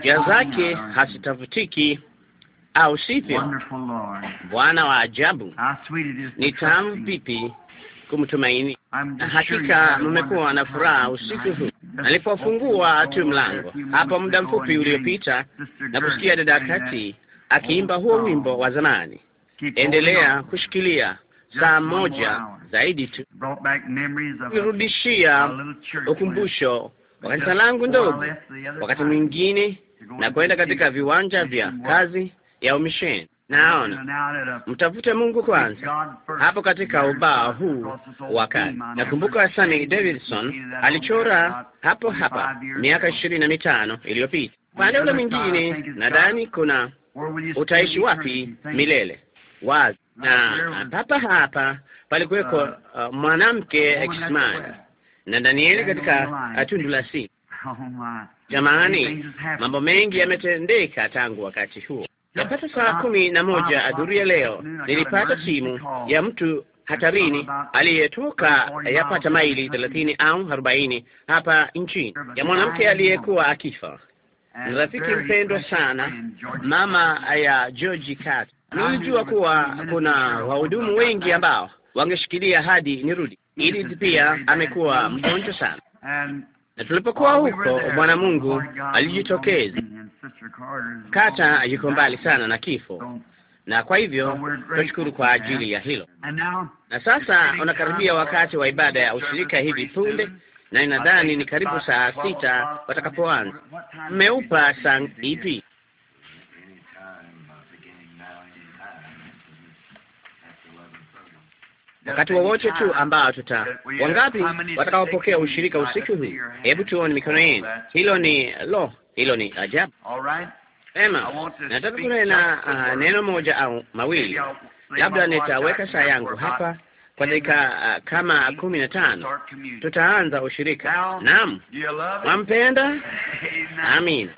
njia zake hazitafutiki, au sivyo? Bwana wa ajabu, ni tamu vipi kumtumaini! Hakika mmekuwa na furaha usiku huu. Alipofungua tu mlango hapo muda mfupi uliopita na kusikia dada Kati akiimba huo wimbo wa zamani, endelea kushikilia saa moja zaidi tu, kurudishia ukumbusho Kanisa langu ndogo wakati mwingine na kwenda katika viwanja vya kazi ya umisheni. Naona mtafute Mungu kwanza hapo katika ubao huu wa kazi. Nakumbuka Sunny Davidson alichora hapo hapa miaka ishirini na mitano iliyopita. Upande ule mwingine, nadhani kuna utaishi wapi milele wazi, na papa hapa palikuweko uh, mwanamke akisimama na Danieli katika tundu la si. Oh, Jamani, mambo mengi yametendeka tangu wakati huo. Yapata saa ah, kumi na moja ah, adhuria leo ah, nilipata simu ya mtu hatarini aliyetoka yapata maili thelathini au arobaini hapa nchini ya mwanamke aliyekuwa akifa. Ni rafiki mpendwa sana, mama ya George Kat. Nilijua kuwa kuna wahudumu wengi ambao wangeshikilia hadi nirudi Edith pia amekuwa mgonjwa sana, na tulipokuwa uh, huko Bwana Mungu alijitokeza. Kata yuko mbali sana na kifo, na kwa hivyo tunashukuru kwa ajili ya hilo. Na sasa unakaribia wakati wa ibada ya ushirika hivi punde, na inadhani ni karibu saa sita watakapoanza. Mmeupa saa ipi? wakati wowote tu ambao tuta. Wangapi watakaopokea ushirika usiku huu? Hebu tuone mikono yenu. Hilo ni lo, hilo ni ajabu. Ema, nataka kunena uh, ah, neno moja au mawili. Labda nitaweka saa yangu hapa kwa dakika uh, kama kumi na tano tutaanza ushirika. Naam, wampenda. amin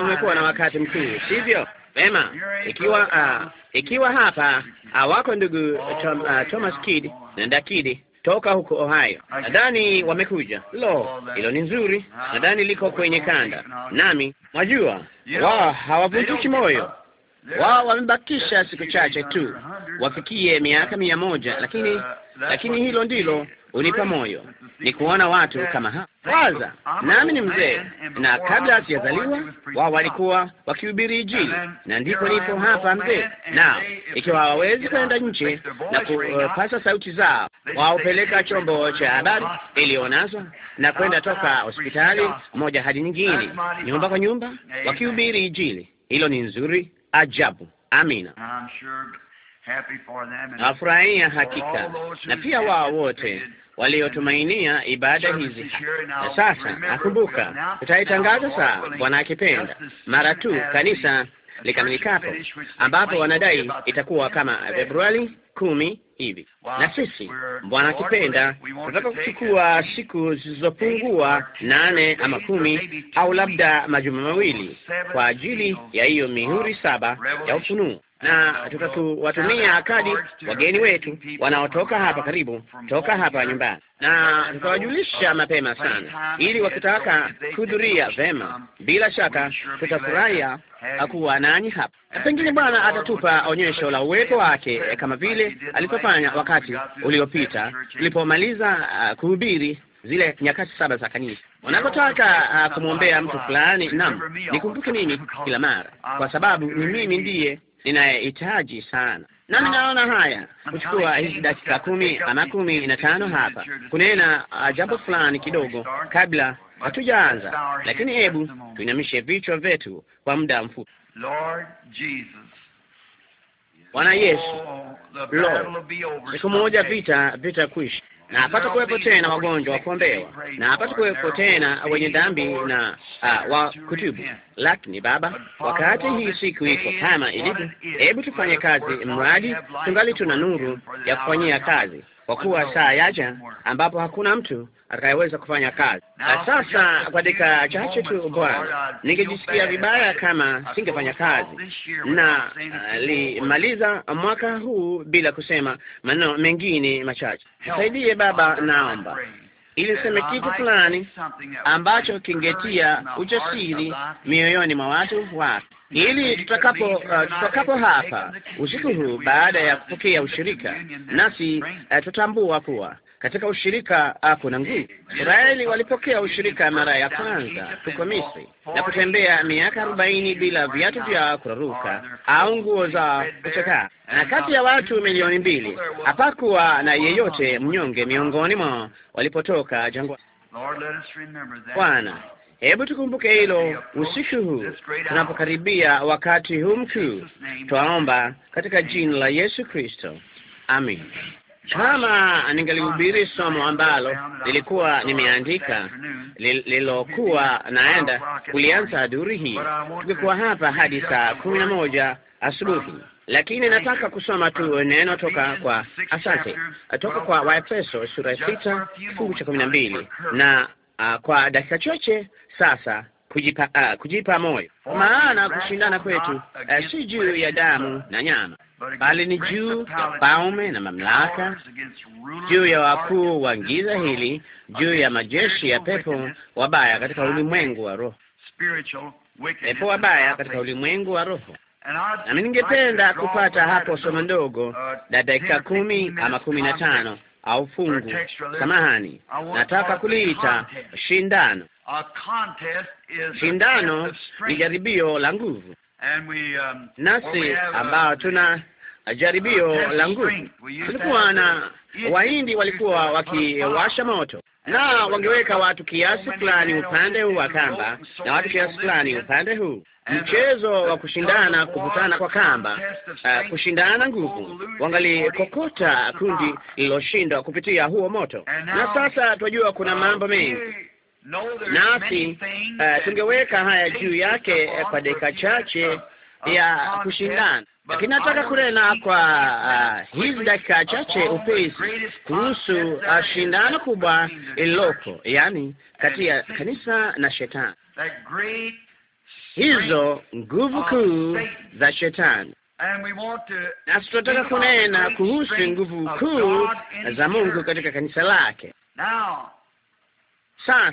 Mmekuwa na wakati mkuu, sivyo? Vema, ikiwa uh, ikiwa hapa uh, wako ndugu ah, Tom, uh, Thomas Kidd na Ndakidi toka huko Ohio, nadhani wamekuja. Lo, hilo ni nzuri, nadhani liko kwenye kanda, nami mwajua wao hawavunjiki moyo wao wamebakisha siku chache tu wafikie miaka mia moja, lakini lakini hilo ndilo unipa moyo ni kuona watu kama ha Kwanza nami ni mzee, na kabla sijazaliwa wao walikuwa wakihubiri Injili, na ndipo nipo hapa mzee. Na ikiwa hawawezi kwenda nje na kupasa sauti zao, waopeleka chombo cha habari iliyonaswa na kwenda toka hospitali moja hadi nyingine, nyumba kwa nyumba, wakihubiri Injili. Hilo ni nzuri ajabu. Amina. Nafurahia hakika, na pia wao wote waliotumainia ibada hizi. Na sasa nakumbuka, tutaitangaza saa Bwana akipenda, mara tu kanisa likamilikapo, ambapo wanadai itakuwa kama Februari kumi hivi, na sisi Bwana akipenda, tunataka kuchukua siku zilizopungua nane ama kumi au labda majuma mawili kwa ajili ya hiyo mihuri saba ya ufunuo na tutatuwatumia kadi wageni wetu wanaotoka hapa karibu toka hapa nyumbani, na tutawajulisha mapema sana, ili wakitaka kuhudhuria vema, bila shaka tutafurahia kuwa nanyi hapa, na pengine Bwana atatupa onyesho la uwepo wake kama vile alivyofanya wakati uliopita tulipomaliza uh, kuhubiri zile nyakati saba za kanisa. Unapotaka uh, kumwombea mtu fulani, naam, nikumbuke mimi kila mara, kwa sababu ni mimi ndiye ninayehitaji sana, na ah. ninaona haya kuchukua hizi dakika kumi ama kumi na tano hapa kunena ah, jambo fulani kidogo kabla hatujaanza, lakini hebu tuinamishe vichwa vyetu kwa muda mfupi. Bwana Yesu, oh, lo, siku moja vita vita na hapata kuwepo tena wagonjwa kuombewa, na hapata kuwepo tena wenye dhambi na uh, wa kutubu. Lakini Baba, wakati hii siku iko kama ilivyo, hebu tufanye kazi, mradi tungali tuna nuru ya kufanyia kazi, kwa kuwa saa yaja ambapo hakuna mtu atakayeweza kufanya kazi. Na sasa kwa dakika chache tu, Bwana, ningejisikia vibaya kama singefanya kazi na uh, limaliza mwaka huu bila kusema maneno mengine machache. Nisaidie Baba, naomba ili niseme kitu fulani ambacho kingetia ujasiri mioyoni mwa watu wake, ili tutakapo uh, tutakapo hapa usiku huu baada ya kupokea ushirika, nasi uh, tutambua kuwa katika ushirika ako ah, na nguvu. Israeli walipokea ushirika mara ya kwanza tuko Misri na kutembea miaka arobaini bila viatu vya kuraruka au nguo za kuchakaa, na kati ya watu milioni mbili hapakuwa na yeyote mnyonge miongoni mwao walipotoka jangwa. Bwana, hebu tukumbuke hilo usiku huu tunapokaribia wakati huu mkuu. Twaomba katika jina la Yesu Kristo, amin. Kama ningelihubiri somo ambalo nilikuwa nimeandika lililokuwa naenda kulianza adhuri hii, tungekuwa hapa hadi saa kumi na moja asubuhi, lakini nataka kusoma tu neno toka kwa, asante, toka kwa Waefeso sura ya sita kifungu cha kumi na mbili na uh, kwa dakika chache sasa kujipa, uh, kujipa moyo, maana kushindana kwetu uh, si juu ya damu na nyama bali ni juu ya falme na mamlaka, juu ya wakuu wa giza hili, juu ya majeshi ya pepo wabaya katika ulimwengu wa roho, pepo wabaya katika ulimwengu wa roho. Nami ningependa kupata hapo somo ndogo la dakika kumi ama kumi na tano au fungu, samahani, nataka kuliita shindano. Shindano ni jaribio la nguvu, nasi ambao tuna jaribio la nguvu. Tulikuwa na Wahindi walikuwa wakiwasha moto, na wangeweka watu kiasi fulani upande huu wa kamba na watu kiasi fulani upande huu. Mchezo wa kushindana, kuvutana kwa kamba, uh, kushindana nguvu. Wangalikokota kundi lililoshindwa kupitia huo moto, na sasa tunajua kuna mambo mengi nasi uh, tungeweka haya juu yake eh, kwa dakika chache ya kushindana, lakini nataka kunena kwa uh, hizi dakika chache upesi kuhusu uh, shindano kubwa iloko, yaani kati ya kanisa na shetani, hizo nguvu kuu za shetani na tunataka kunena kuhusu nguvu kuu za Mungu katika kanisa lake. Sasa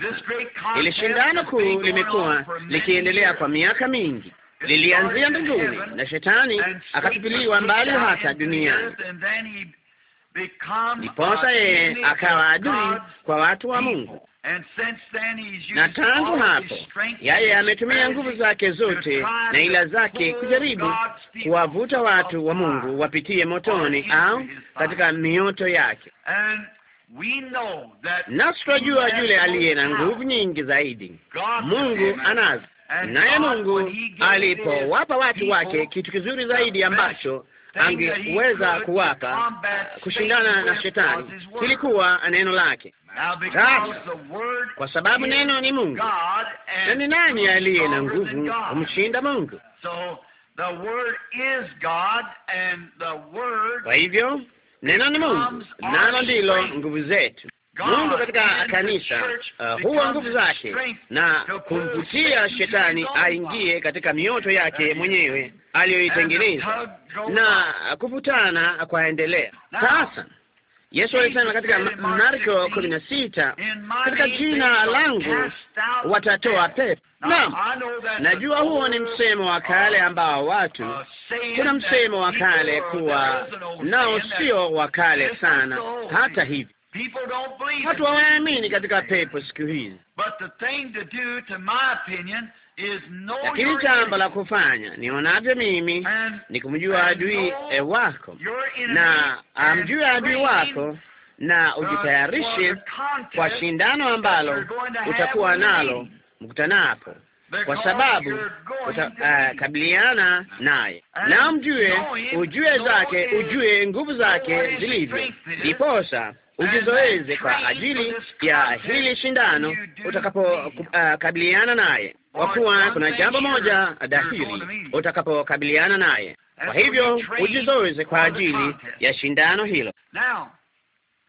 ili shindano kuu limekuwa likiendelea kwa miaka mingi, lilianzia mbinguni na shetani akatupiliwa mbali hata duniani, ndiposa yeye akawa adui kwa watu wa Mungu. Na tangu hapo yeye ametumia nguvu zake zote na ila zake kujaribu kuwavuta watu wa Mungu wapitie motoni au katika mioto yake. Nasi tunajua yule aliye na nguvu nyingi zaidi, Mungu anazo Naye Mungu alipowapa watu wake kitu kizuri zaidi ambacho angeweza kuwapa kushindana na shetani kilikuwa neno lake. Sasa kwa sababu neno ni Mungu, na ni nani aliye na nguvu kumshinda Mungu? Kwa hivyo neno ni Mungu, nalo ndilo nguvu zetu. Mungu katika kanisa uh, huwa nguvu zake na kumvutia shetani aingie katika mioto yake mwenyewe aliyoitengeneza na kuvutana kwaendelea. Sasa Yesu alisema katika Marko kumi na sita, katika jina langu watatoa pepo. Naam, najua huo ni msemo wa kale ambao watu, uh, kuna msemo wa kale kuwa nao sio wa kale sana, hata hivyo Watu hawaamini katika pepo siku hizi, lakini jambo la kufanya nionavyo mimi ni kumjua adui eh, wako na amjue adui wako na ujitayarishe kwa shindano ambalo utakuwa nalo mkutanapo, kwa sababu utakabiliana eh, uh, naye na mjue, ujue zake, ujue nguvu zake zilivyo, ndiposa ujizoeze kwa ajili ya hili shindano utakapokabiliana uh, naye, kwa kuwa kuna jambo moja dhahiri utakapokabiliana naye. Kwa hivyo ujizoeze kwa ajili ya shindano hilo.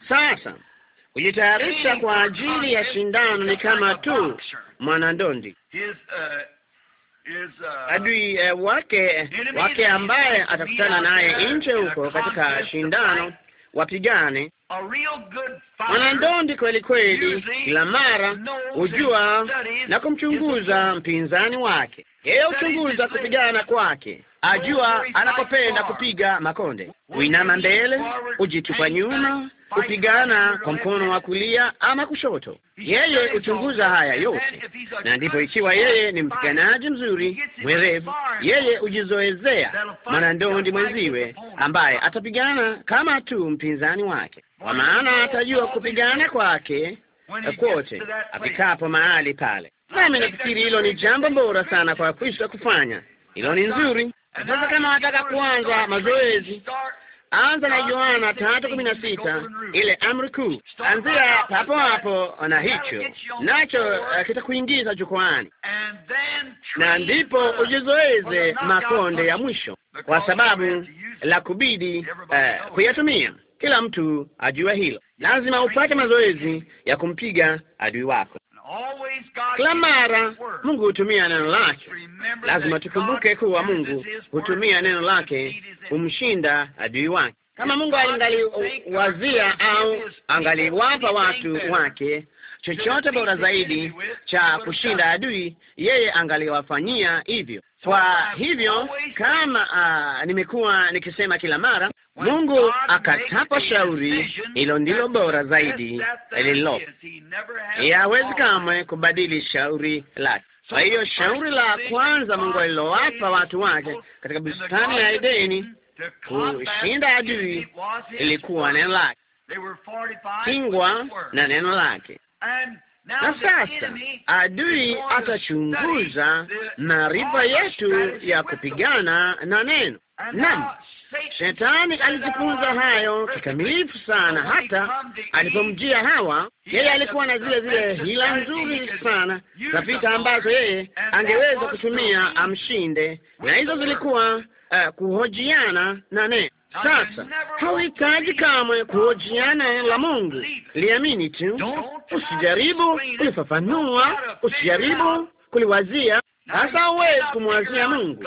Sasa kujitayarisha kwa ajili ya shindano ni kama tu mwanandondi uh, uh, adui uh, wake wake ambaye atakutana naye nje huko katika shindano wapigane. Mwanandondi kweli kweli, kila mara hujua na kumchunguza mpinzani wake. Yeye huchunguza kupigana kwake, ajua anakopenda kupiga makonde, kuinama mbele, ujitupa nyuma kupigana kwa mkono wa kulia ama kushoto. Yeye huchunguza haya yote, na ndipo ikiwa yeye ni mpiganaji mzuri mwerevu, yeye hujizoezea mwanandondi mwenziwe ambaye atapigana kama tu mpinzani wake, kwa maana atajua kupigana kwake kwote afikapo mahali pale. Nami nafikiri hilo ni jambo bora sana kwa kwisha kufanya. Hilo ni nzuri. Sasa kama wataka kuanza mazoezi Anza na ah, Yohana tatu kumi na sita, ile amri kuu. Anzia hapo hapo na hicho nacho, eh, kitakuingiza jukwani, na ndipo ujizoeze makonde ya mwisho, kwa sababu la kubidi uh, kuyatumia. Kila mtu ajue hilo, lazima upate mazoezi ya kumpiga adui wako. Kila mara Mungu hutumia neno lake, lazima tukumbuke kuwa Mungu hutumia neno lake kumshinda adui wake. Kama Mungu alingaliwazia au angaliwapa watu wake chochote bora zaidi cha kushinda adui, yeye angaliwafanyia hivyo. Kwa hivyo kama uh, nimekuwa nikisema kila mara, Mungu akatapa shauri, hilo ndilo bora zaidi lililopo. Yeye hawezi kamwe kubadili shauri lake. Kwa hiyo shauri la kwanza Mungu alilowapa watu wake katika bustani ya Edeni kushinda adui ilikuwa neno lake, kingwa na neno lake na sasa adui atachunguza maarifa yetu ya kupigana na neno. Naam, shetani alijifunza hayo kikamilifu sana. Hata alipomjia Hawa, yeye alikuwa na zile zile hila nzuri sana za vita ambazo yeye angeweza kutumia amshinde, na hizo zilikuwa uh, kuhojiana na neno sasa hauhitaji kamwe kuojiana eh, la Mungu, liamini tu, usijaribu kulifafanua, usijaribu kuliwazia. Sasa huwezi kumwazia Mungu.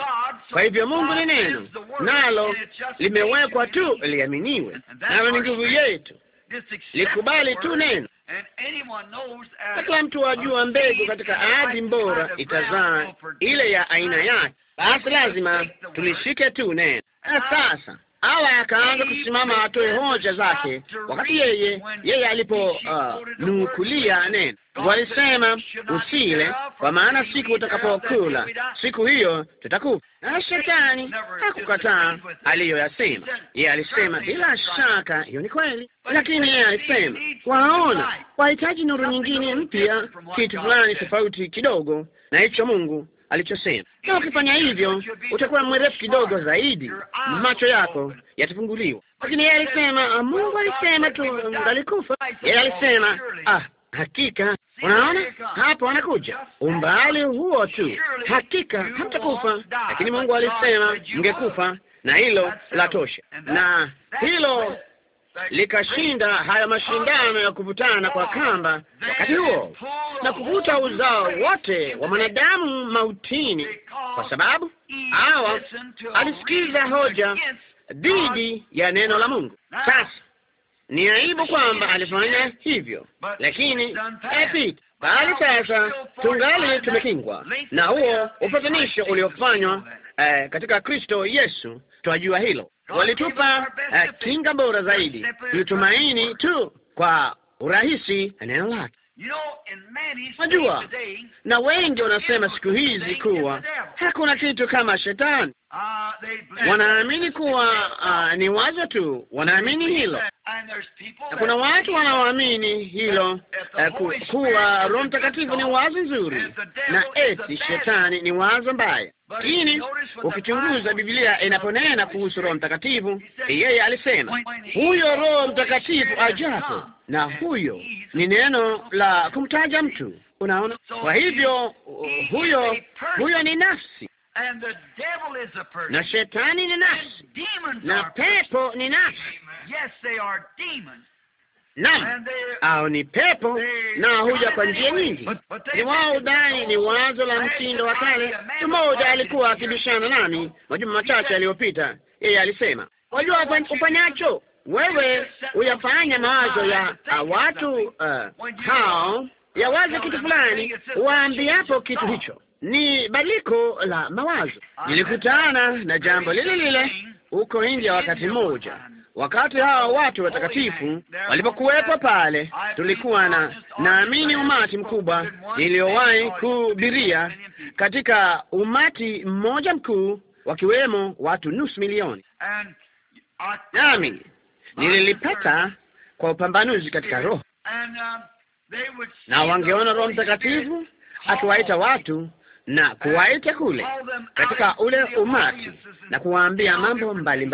Kwa hivyo Mungu ni neno, nalo limewekwa tu liaminiwe, nalo ni nguvu yetu. Likubali tu neno na kila mtu ajua mbegu katika ahadi mbora itazaa ile ya aina yake. Basi lazima tulishike tu neno. Na sasa hawa akaanza kusimama atoe hoja zake, wakati yeye yeye alipo uh, neno. Walisema usile, kwa maana siku utakapokula siku hiyo tutakufa. Na shetani hakukataa aliyoyasema. Yeye alisema bila shaka hiyo ni kweli, lakini yeye alisema, waona wahitaji nuru nyingine mpya, kitu fulani tofauti kidogo na hicho Mungu alichosema, na ukifanya hivyo utakuwa mwerefu kidogo zaidi, macho yako yatafunguliwa. Lakini yeye alisema, Mungu alisema tu ngalikufa. Yeye alisema ah, hakika Unaona, hapo anakuja umbali huo tu, hakika hamtakufa. Lakini Mungu alisema mngekufa, na hilo la tosha, na hilo likashinda haya mashindano ya kuvutana kwa kamba wakati huo na kuvuta uzao wote wa mwanadamu mautini, kwa sababu hawa alisikiza hoja dhidi ya neno la Mungu. Sasa ni aibu kwamba alifanya hivyo, lakini apita bali sasa tungali tumekingwa na huo upatanisho uliofanywa eh, katika Kristo Yesu. Twajua hilo walitupa uh, kinga bora zaidi. Tulitumaini tu kwa urahisi neno lake. Najua na wengi wanasema siku hizi kuwa hakuna kitu kama shetani wanaamini kuwa uh, ni wazo tu, wanaamini hilo, na kuna watu wanaoamini hilo uh, kuwa Roho Mtakatifu ni wazo nzuri na eti eh, shetani ni wazo mbaya. Lakini ukichunguza Biblia inaponena kuhusu Roho Mtakatifu, yeye alisema huyo Roho Mtakatifu ajapo, na huyo ni neno la kumtaja mtu. Unaona, kwa hivyo uh, huyo huyo ni nafsi na shetani ni nafsi na pepo ni nafsi. Yes, they are demons. Naam, au ni pepo na huja kwa njia nyingi. Ni wao udai, ni wazo la mtindo wa kale. Mmoja alikuwa akibishana nami majuma machache yaliyopita, yeye alisema, wajua ufanyacho wewe, uyafanya mawazo ya watu uh, hao yawaze kitu fulani, waambiapo kitu hicho ni badiliko la mawazo. Nilikutana na jambo lile lile huko India wakati mmoja, wakati hawa watu watakatifu walipokuwepo pale, tulikuwa na naamini umati mkubwa niliyowahi kuhubiria katika umati mmoja mkuu, wakiwemo watu nusu milioni, nami nililipata kwa upambanuzi katika roho, na wangeona Roho Mtakatifu akiwaita watu na kuwaita kule katika ule umati na kuwaambia mambo mbalimbali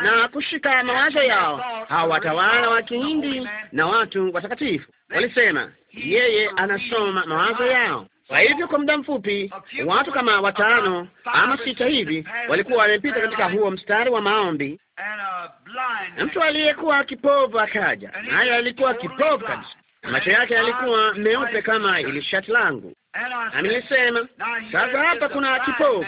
mbali, na kushika mawazo yao. Hao watawala wa Kihindi na watu watakatifu walisema yeye anasoma mawazo yao. Kwa hivyo kwa muda mfupi watu kama watano ama sita hivi walikuwa wamepita katika huo mstari wa maombi, na mtu aliyekuwa kipofu akaja, naye alikuwa kipofu kabisa Macho yake yalikuwa meupe kama ili shati langu, na nilisema sasa, hapa kuna kipofu,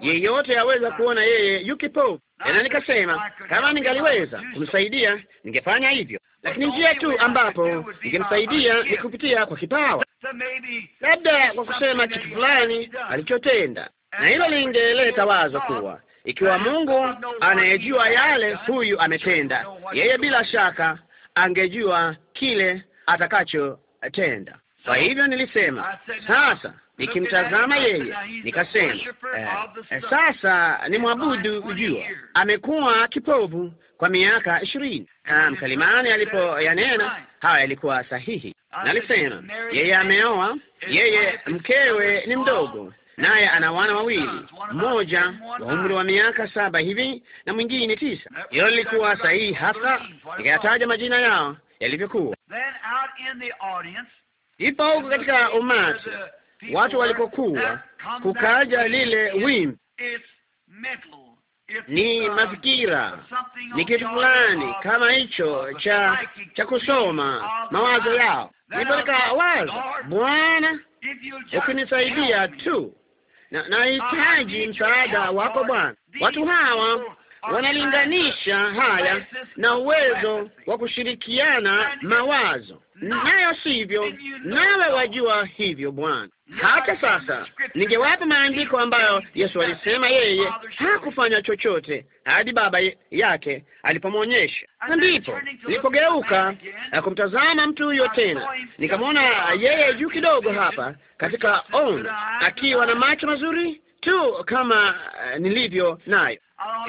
yeyote aweza kuona yeye yu kipofu. Tena nikasema kama ningaliweza kumsaidia ningefanya hivyo, lakini njia tu ambapo ningemsaidia ni kupitia kwa kipawa, labda kwa kusema kitu fulani alichotenda, na hilo lingeleta wazo kuwa ikiwa Mungu anayejua yale huyu ametenda, yeye bila shaka angejua kile atakachotenda. Kwa hivyo nilisema sasa, nikimtazama yeye nikasema, eh, sasa ni mwabudu. jua amekuwa kipofu kwa miaka ishirini. Ah, mkalimani alipoyanena haya yalikuwa sahihi. Nalisema yeye ameoa, yeye mkewe ni mdogo, naye ana wana wawili, mmoja wa umri wa miaka saba hivi na mwingine tisa. Hiyo lilikuwa sahihi hasa, nikayataja majina yao yalivyokuwa ipo katika umati watu walipokuwa, kukaja lile wimbi, ni mafikira, ni kitu fulani kama hicho cha cha kusoma mawazo yao. Nipo katika wazo, Bwana, ukinisaidia tu na nahitaji msaada wako Bwana. Watu hawa wanalinganisha haya na uwezo wa kushirikiana mawazo, nayo sivyo, nawe wajua hivyo Bwana. Hata sasa ningewapa maandiko ambayo Yesu alisema yeye hakufanya chochote hadi Baba yake alipomwonyesha, ndipo nilipogeuka na kumtazama mtu huyo tena, nikamwona yeye juu kidogo hapa katika ono, akiwa na macho mazuri tu kama uh, nilivyo nayo.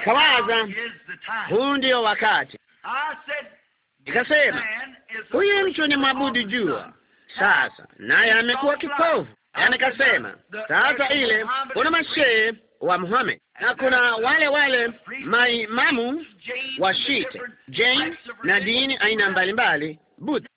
Kawaza, huu ndio wakati. ikasema huyu mtu ni mwabudu jua, sasa naye amekuwa kipofu. Nikasema yaani sasa ile kuna mashehe wa Muhammad na kuna wale wale maimamu wa Shite, Jane na dini aina mbalimbali, Buddha.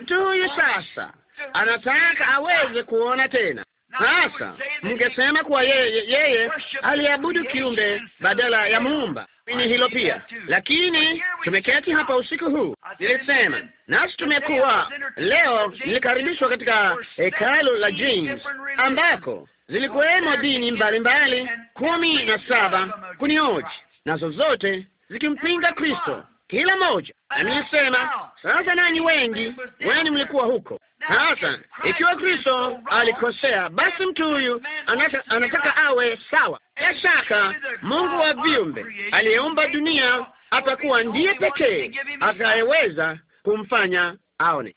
Mtu huyu sasa anataka aweze kuona tena sasa mngesema kuwa yeye yeye aliabudu kiumbe badala ya muumba ni hilo pia lakini, tumeketi hapa usiku huu, nilisema nasi tumekuwa leo. Nilikaribishwa katika hekalu la James ambako zilikuwemo dini mbalimbali kumi na saba kunioji, nazo zote zikimpinga Kristo, kila moja. Na nilisema sasa, nanyi wengi wenu mlikuwa huko sasa ikiwa Kristo alikosea, basi mtu huyu anata, anataka awe sawa. Bila shaka Mungu wa viumbe aliyeumba dunia atakuwa ndiye pekee atakayeweza kumfanya aone.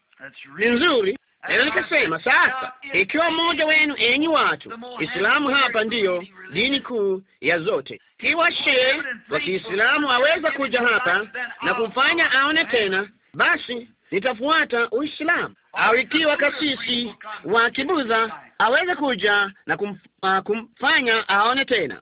Ni nzuri tena nikasema, sasa ikiwa mmoja wenu enyi watu, Islamu hapa ndiyo dini kuu ya zote. kiwa shehe wa Kiislamu aweza kuja hapa na kumfanya aone tena, basi nitafuata Uislamu au ikiwa kasisi wa kibuza aweze kuja na kum, uh, kumfanya aone tena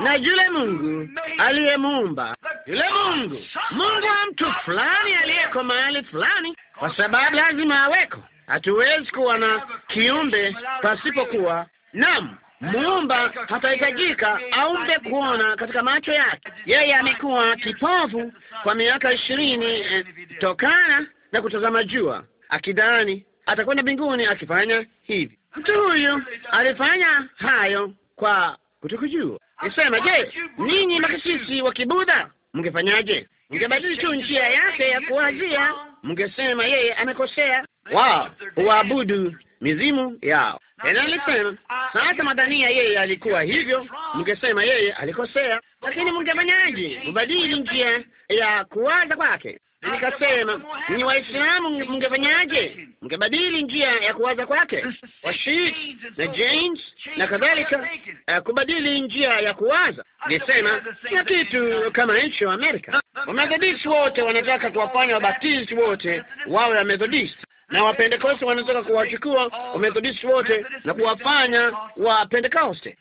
na yule Mungu aliyemuumba yule Mungu, Mungu wa mtu fulani aliyeko mahali fulani, kwa sababu lazima aweko. Hatuwezi kuwa na kiumbe pasipokuwa naam Muumba hatahitajika aumbe kuona katika macho yake. Yeye amekuwa kipofu kwa miaka ishirini eh, tokana na kutazama jua akidhani atakwenda mbinguni akifanya hivi. Mtu huyu alifanya hayo kwa kutokujua. Nisema, je, ninyi makasisi wa Kibudha mngefanyaje? Mngebadili tu njia yake ya kuwazia, mngesema yeye amekosea wao huabudu mizimu yao. Tena alisema sasa, madhania yeye alikuwa hivyo, mngesema yeye alikosea, lakini mngefanyaje? Mbadili njia ya kuwaza kwake. Nikasema ni Waislamu, mngefanyaje? Mngebadili njia ya kuwaza kwake, washit na James na kadhalika, eh, kubadili njia ya kuwaza. Nisema na kitu kama hicho Amerika. Wamethodisti wote wanataka kuwafanya Wabaptisti wote wawe Wamethodisti na Wapentekoste wanataka kuwachukua Wamethodisti wote na kuwafanya Wapentekoste.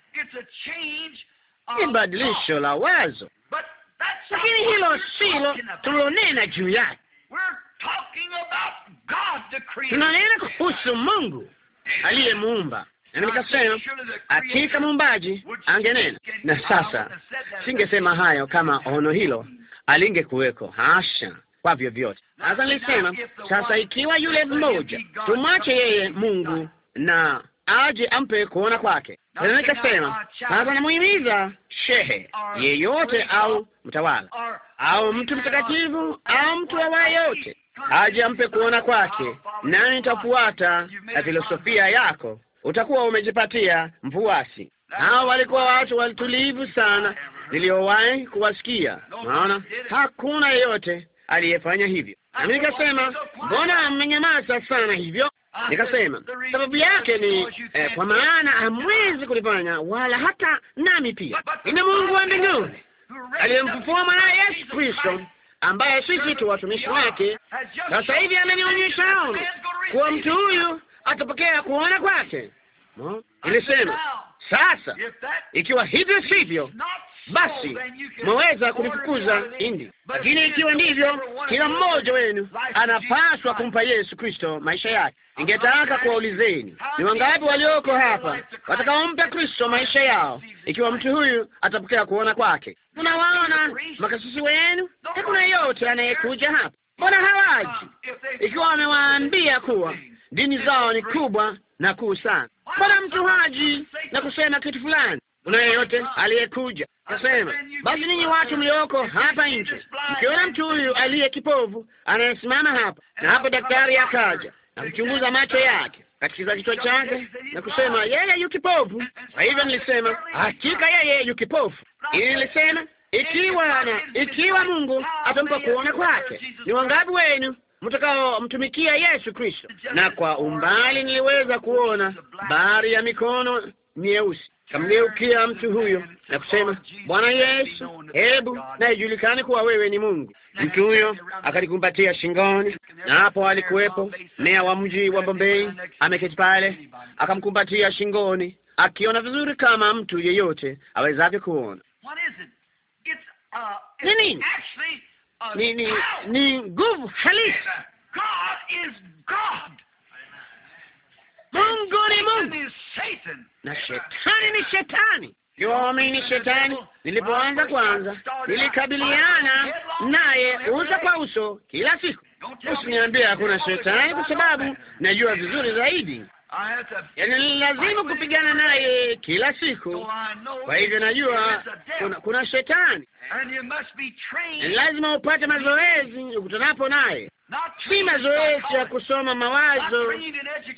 Ni badilisho la wazo, lakini hilo silo tulonena juu yake. Tunanena kuhusu Mungu aliyemuumba na nikasema hakika muumbaji angenena. Na sasa singesema hayo kama ono hilo alingekuweko, hasha kwa vyovyote. Sasa nilisema sasa, ikiwa yule mmoja tumwache yeye Mungu na aje ampe kuona kwake. Tena nikasema sasa, namuhimiza shehe yeyote au mtawala au mtu mtakatifu au mtu wa aje ampe kuona kwake, nani nitafuata na filosofia yako, utakuwa umejipatia mfuasi. Hao walikuwa watu walitulivu sana niliowahi kuwasikia. Naona hakuna yeyote aliyefanya hivyo. Nami nikasema mbona mmenyamaza sana hivyo? Nikasema sababu yake ni eh, kwa maana hamwezi kulifanya wala hata nami pia. Nina Mungu wa mbinguni aliyemfufua mwana Yesu Kristo ambaye sisi tu watumishi wake. Sasa hivi amenionyesha ono kuwa mtu huyu atapokea kuona kwake. Nilisema sasa, ikiwa hivyo sivyo, basi mwaweza kulifukuza indi Lakini ikiwa ndivyo, kila mmoja wenu anapaswa kumpa Yesu Kristo maisha yake. Ningetaka kuwaulizeni ni wangapi walioko hapa watakaompa Kristo maisha yao, ikiwa mtu huyu atapokea kuona kwake? Tunawaona makasisi wenu, hakuna yeyote anayekuja hapa. Mbona hawaji? Ikiwa wamewaambia kuwa dini zao ni kubwa na kuu sana, mbona mtu haji na kusema kitu fulani? kuna yeyote aliyekuja nasema, basi ninyi watu mlioko hapa nje, mkiona mtu huyu aliye kipovu anayesimama hapa, na hapo daktari akaja na kuchunguza macho yake katika kichwa chake na kusema yeye yu kipovu. Kwa hivyo nilisema hakika yeye yu kipovu, ili nilisema ikiwa na ikiwa Mungu atampa kuona kwake. Ni wangapi wenu mtakao mtumikia Yesu Kristo? Na kwa umbali niliweza kuona bahari ya mikono nyeusi kamgeukia mtu huyo na kusema, Bwana Yesu, hebu na kuwa wewe ni Mungu. Mtu huyo akalikumbatia shingoni, na hapo alikuwepo meya wa mji wa Bombay ameketi pale, akamkumbatia shingoni, akiona vizuri kama mtu yeyote awezake kuona. Nini? Ni ni ni nguvu halisi. Mungu ni Mungu na shetani ni shetani. Siwaamini shetani. Nilipoanza kwanza, nilikabiliana naye uso kwa uso kila siku. Usiniambie hakuna shetani, kwa sababu najua vizuri zaidi. Yaani, lazima kupigana naye kila siku. Kwa hivyo najua kuna, kuna shetani ni lazima upate mazoezi ukutanapo naye, si mazoezi ya kusoma mawazo,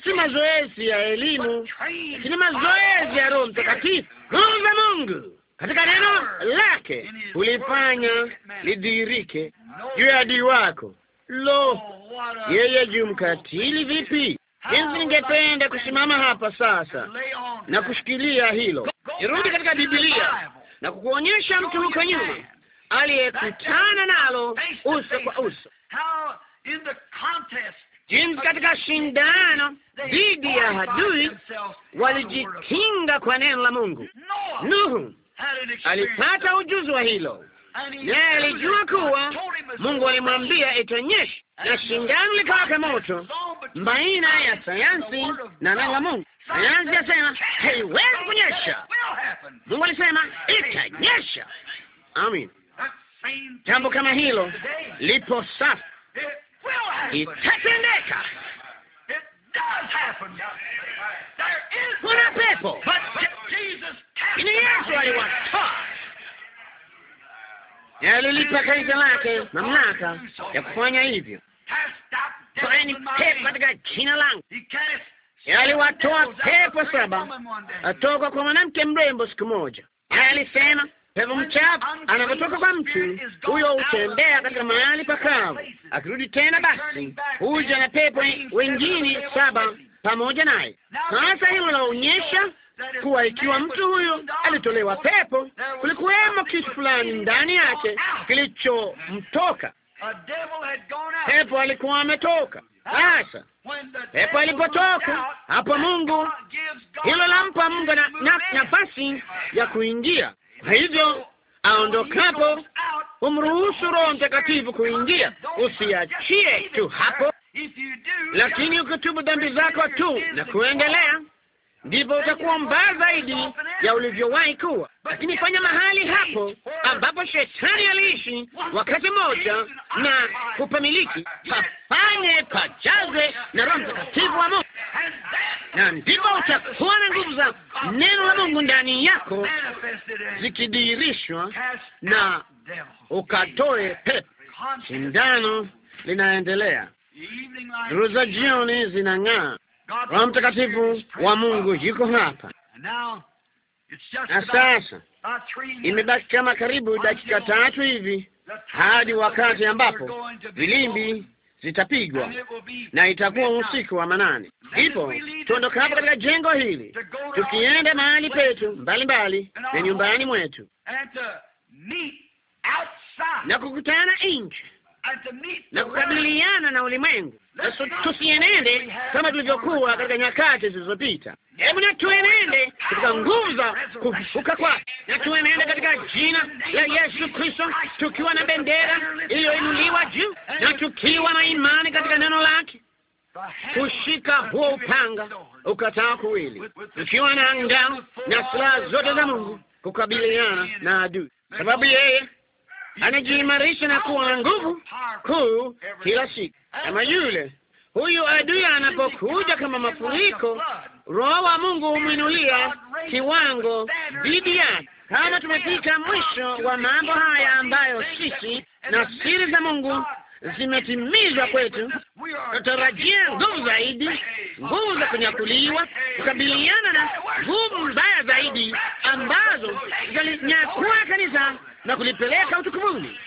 si mazoezi ya elimu, lakini mazoezi ya Roho Mtakatifu, nguvu za Mungu katika neno lake ulifanya lidhihirike juu ya adui wako. Lo, oh, yeye juu mkatili vipi! Jinsi ningependa kusimama hapa sasa na kushikilia hilo. Irudi katika Biblia na kukuonyesha mtu huko nyuma aliyekutana nalo uso kwa uso, jinsi katika shindano dhidi ya adui walijikinga kwa neno la Mungu. Nuhu alipata ujuzi wa hilo naye alijua kuwa Mungu alimwambia itonyeshe, na shingano likawaka moto, baina ya sayansi na neno la Mungu. Sayansi yasema haiwezi kunyesha, Mungu alisema itanyesha. Amin. Jambo kama hilo lipo sasa, itatendeka. Kuna pepo, lakini Yesu aliwatoa yalilipa kanisa lake mamlaka ya kufanya hivyo. Toeni pepo katika jina langu. Yaliwatoa pepo saba atoka kwa mwanamke mrembo siku moja. Alisema pepo mchafu anapotoka kwa mtu huyo hutembea katika mahali pakavu, akirudi tena basi huja na pepo wengine saba pamoja naye. Sasa hilo laonyesha kuwa ikiwa mtu huyu alitolewa pepo, kulikuwemo kitu fulani ndani yake kilichomtoka pepo. Alikuwa ametoka. Sasa pepo alipotoka, hapo Mungu hilo lampa Mungu na, na, nafasi ya kuingia. Kwa hivyo aondokapo, umruhusu Roho Mtakatifu kuingia, usiachie tu hapo, lakini ukitubu dhambi zako tu na kuendelea ndipo utakuwa mbaya zaidi ya ulivyowahi kuwa. Lakini fanya mahali hapo ambapo shetani aliishi wakati mmoja na kupamiliki, pafanye pajaze na Roho Mtakatifu wa Mungu, na ndipo utakuwa na nguvu za neno la Mungu ndani yako zikidhihirishwa, na ukatoe pepo. Shindano linaendelea, duru za jioni zinang'aa. Roho Mtakatifu wa Mungu yuko hapa na sasa imebaki kama karibu dakika tatu hivi hadi wakati ambapo vilimbi zitapigwa na itakuwa usiku wa manane. Hivyo tuondoke hapa katika jengo hili tukienda mahali petu mbalimbali na nyumbani mwetu na kukutana nje na kukabiliana na ulimwengu. Tusienende kama tulivyokuwa katika nyakati zilizopita. Hebu na tuenende katika nguvu za kufufuka kwake, na tuenende katika jina la Yesu Kristo, tukiwa na bendera iliyoinuliwa juu na tukiwa na imani katika neno lake, kushika huo upanga ukataa kuwili, tukiwa na ngao na silaha zote za Mungu kukabiliana na adui, sababu yeye anajiimarisha na kuwa na nguvu kuu kila siku, kama yule huyu adui anapokuja kama mafuriko, Roho wa Mungu humwinulia kiwango dhidi yake. Kama tumefika mwisho wa mambo haya ambayo sisi na siri za Mungu zimetimizwa kwetu, tutarajia nguvu zaidi, nguvu za kunyakuliwa, kukabiliana na nguvu mbaya zaidi ambazo zilinyakua kanisa na kulipeleka utukufuni.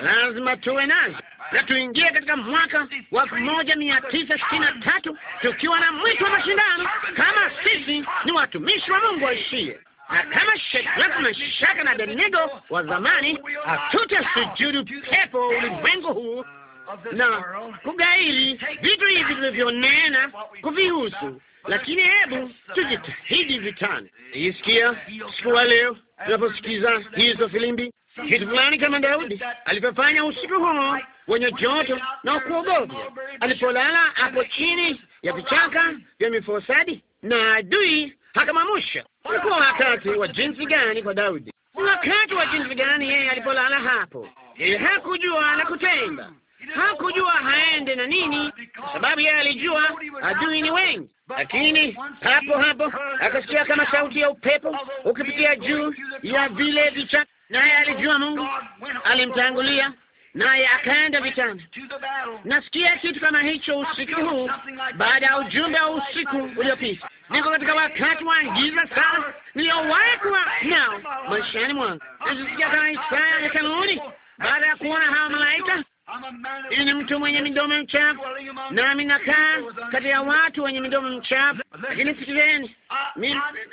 Lazima tuwe nazo na tuingie katika mwaka wa elfu moja mia tisa sitini na tatu tukiwa na mwito wa mashindano, kama sisi ni watumishi wa Mungu waishie na kama Shadraka, Meshaki na Abednego wa zamani, sujudu pepo ulimwengu huu na kugairi vitu hivi tulivyonena kuvihusu. Lakini hebu tujitahidi vitani. Isikia siku wa leo tunaposikiza hizo filimbi, kitu fulani kama Daudi alivyofanya usiku huo wenye joto na kuogovya alipolala hapo chini ya vichaka vya mifosadi na adui hakamamusha. Ulikuwa wakati wa jinsi gani kwa Daudi? Ni wakati wa jinsi gani yeye alipolala hapo, yeye hakujua la kutenda hakujua haende na nini, kwa sababu yeye alijua adui ni wengi. Lakini hapo hapo akasikia kama sauti ya upepo ukipitia juu ya vile vichaka, naye alijua Mungu alimtangulia naye akaenda vitani. Nasikia kitu kama hicho usiku huu, baada ya ujumbe wa usiku uliopita. Niko katika wakati wa giza sana niliyowahi kuwa nao maishani mwangu. Nasikia kama Isaya ya kanuni, baada ya kuona hawa malaika ni mtu mwenye midomo mchafu, nami nakaa kati ya watu wenye midomo mchafu. Lakini sikilizeni,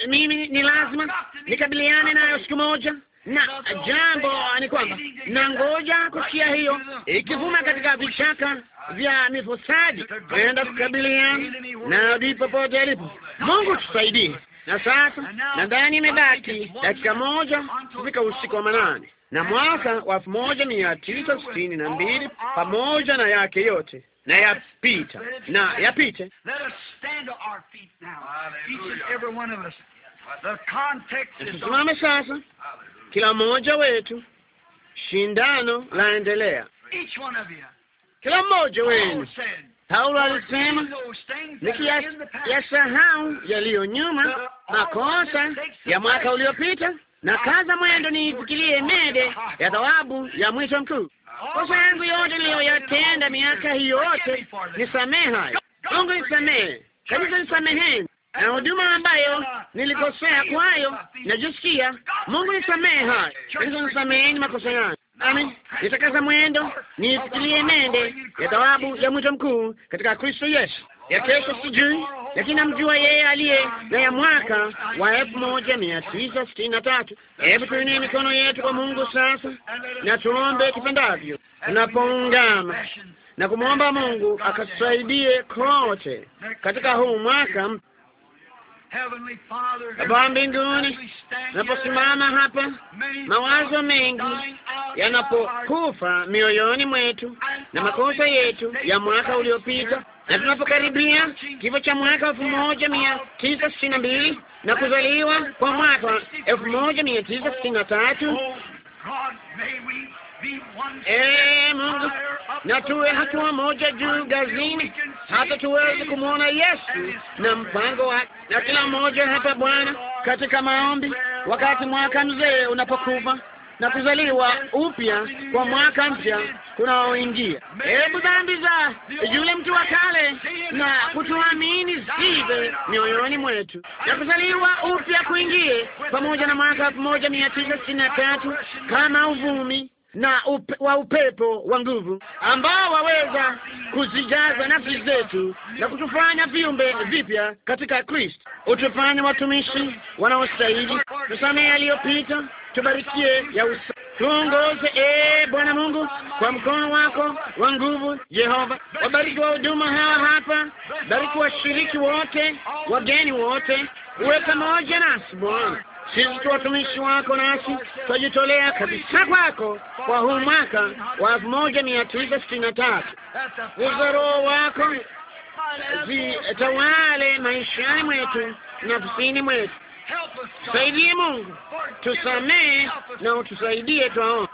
mimi ni lazima nikabiliane nayo siku moja, na jambo ni kwamba nangoja kusikia hiyo ikivuma katika vichaka vya mifusadi, naenda kukabiliana na ndipo pote alipo. Mungu tusaidie. Na sasa nadhani imebaki dakika moja kufika usiku wa manane na mwaka wa elfu moja mia tisa sitini na mbili pamoja na yake yote na yapita na yapite tusimame sasa, kila mmoja wetu. Shindano laendelea, kila mmoja wenu. Paulo alisema nikiyasahau yaliyo nyuma, makosa ya mwaka uliopita na kaza mwendo niifikirie mede ya thawabu ya mwisho mkuu. Kosa yangu yote niliyoyatenda miaka hii yote, nisamehe hayo. Mungu nisamehe, kabisa nisameheni, na huduma ambayo nilikosea kwayo najisikia. Mungu nisamehe hayo, kabisa nisameheni makosa yangu. Amen. Nitakaza mwendo niifikirie mende ya thawabu ya mwisho mkuu katika Kristo Yesu ya kesho sijui, lakini namjua yeye aliye na ya mwaka wa elfu moja mia tisa sitini na tatu. Hebu tuinue mikono yetu kwa Mungu sasa na tuombe kipendavyo, tunapoungama na kumwomba Mungu akatusaidie kote katika huu mwaka Baba mbinguni, tunaposimama hapa, mawazo mengi yanapokufa mioyoni mwetu na makosa yetu ya mwaka uliopita, na tunapokaribia kifo cha mwaka elfu moja mia tisa sitini na mbili na kuzaliwa kwa mwaka elfu moja mia tisa sitini na tatu oh, e Mungu, na tuwe hatua moja juu gazini, hata tuweze kumwona Yesu na mpango wake, na kila mmoja hapa Bwana katika maombi, wakati mwaka mzee unapokufa na kuzaliwa upya kwa mwaka mpya kunaoingia. Hebu dhambi za yule mtu wa kale na kutuamini zive mioyoni mwetu, na kuzaliwa upya kuingie pamoja na mwaka elfu moja mia tisa sitini na tatu kama uvumi na upe, wa upepo wa nguvu ambao waweza kuzijaza nafsi zetu na kutufanya viumbe vipya katika Kristo, utufanye watumishi wanaostahili, tusamehe yaliyopita, tubarikie ya usa tuongoze, ee Bwana Mungu, kwa mkono wako wa nguvu. Jehova, wabariki wa huduma hawa hapa, bariki washiriki wote, wageni wote, uwe pamoja nasi Bwana sisi watumishi wako, nasi twajitolea kabisa kwako kwa huu mwaka wa elfu moja mia tisa sitini na tatu. Uza roho wako zitawale maishani mwetu, nafsini mwetu. saidie Mungu, tusamee na utusaidie, twaona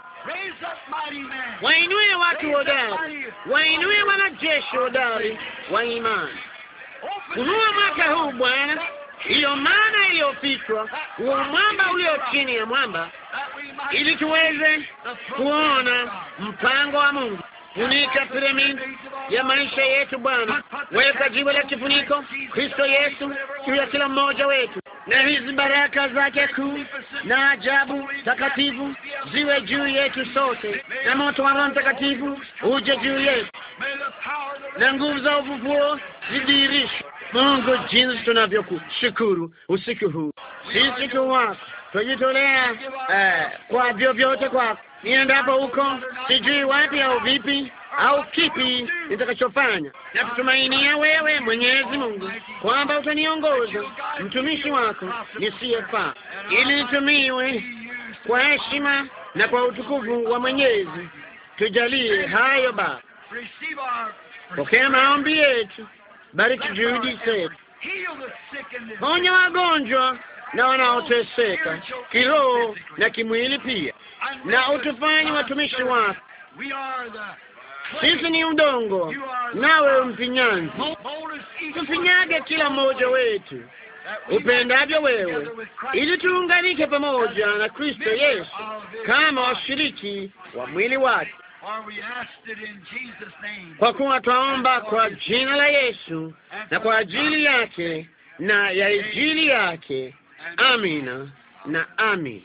wainue watu hodari, wainue wanajeshi hodari wa imani. kunua mwaka huu Bwana. Hiyo maana iliyofichwa, huo mwamba ulio chini ya mwamba, ili tuweze kuona mpango wa Mungu. Funika piramidi ya maisha yetu, Bwana. Weka jiwe la kifuniko, Kristo Yesu, juu ya kila mmoja wetu, na hizi baraka zake kuu na ajabu takatifu ziwe juu yetu sote, na moto wa Roho Mtakatifu uje juu yetu, na nguvu za ufufuo zidhihirishwe Mungu, jinsi tunavyokushukuru usiku huu, sisi tu wako twajitolea eh, kwa vyovyote kwako. Niendapo huko sijui wapi au vipi au kipi nitakachofanya, natutumainia wewe Mwenyezi Mungu kwamba utaniongoza mtumishi wako nisiyefaa, ili nitumiwe kwa heshima na kwa utukufu wa Mwenyezi. Tujalie hayo Baba, pokea maombi yetu bariki juhudi zetu, ponya wagonjwa na wanaoteseka kiroho na kimwili pia, na utufanye watumishi wako. Sisi ni udongo, nawe mfinyanzi. Tufinyage kila mmoja wetu upendavyo wewe, ili tuunganike pamoja na Kristo Yesu kama washiriki wa mwili wake kwa kuwa twaomba kwa jina la Yesu na kwa ajili yake na ya ajili yake. Amina na amin.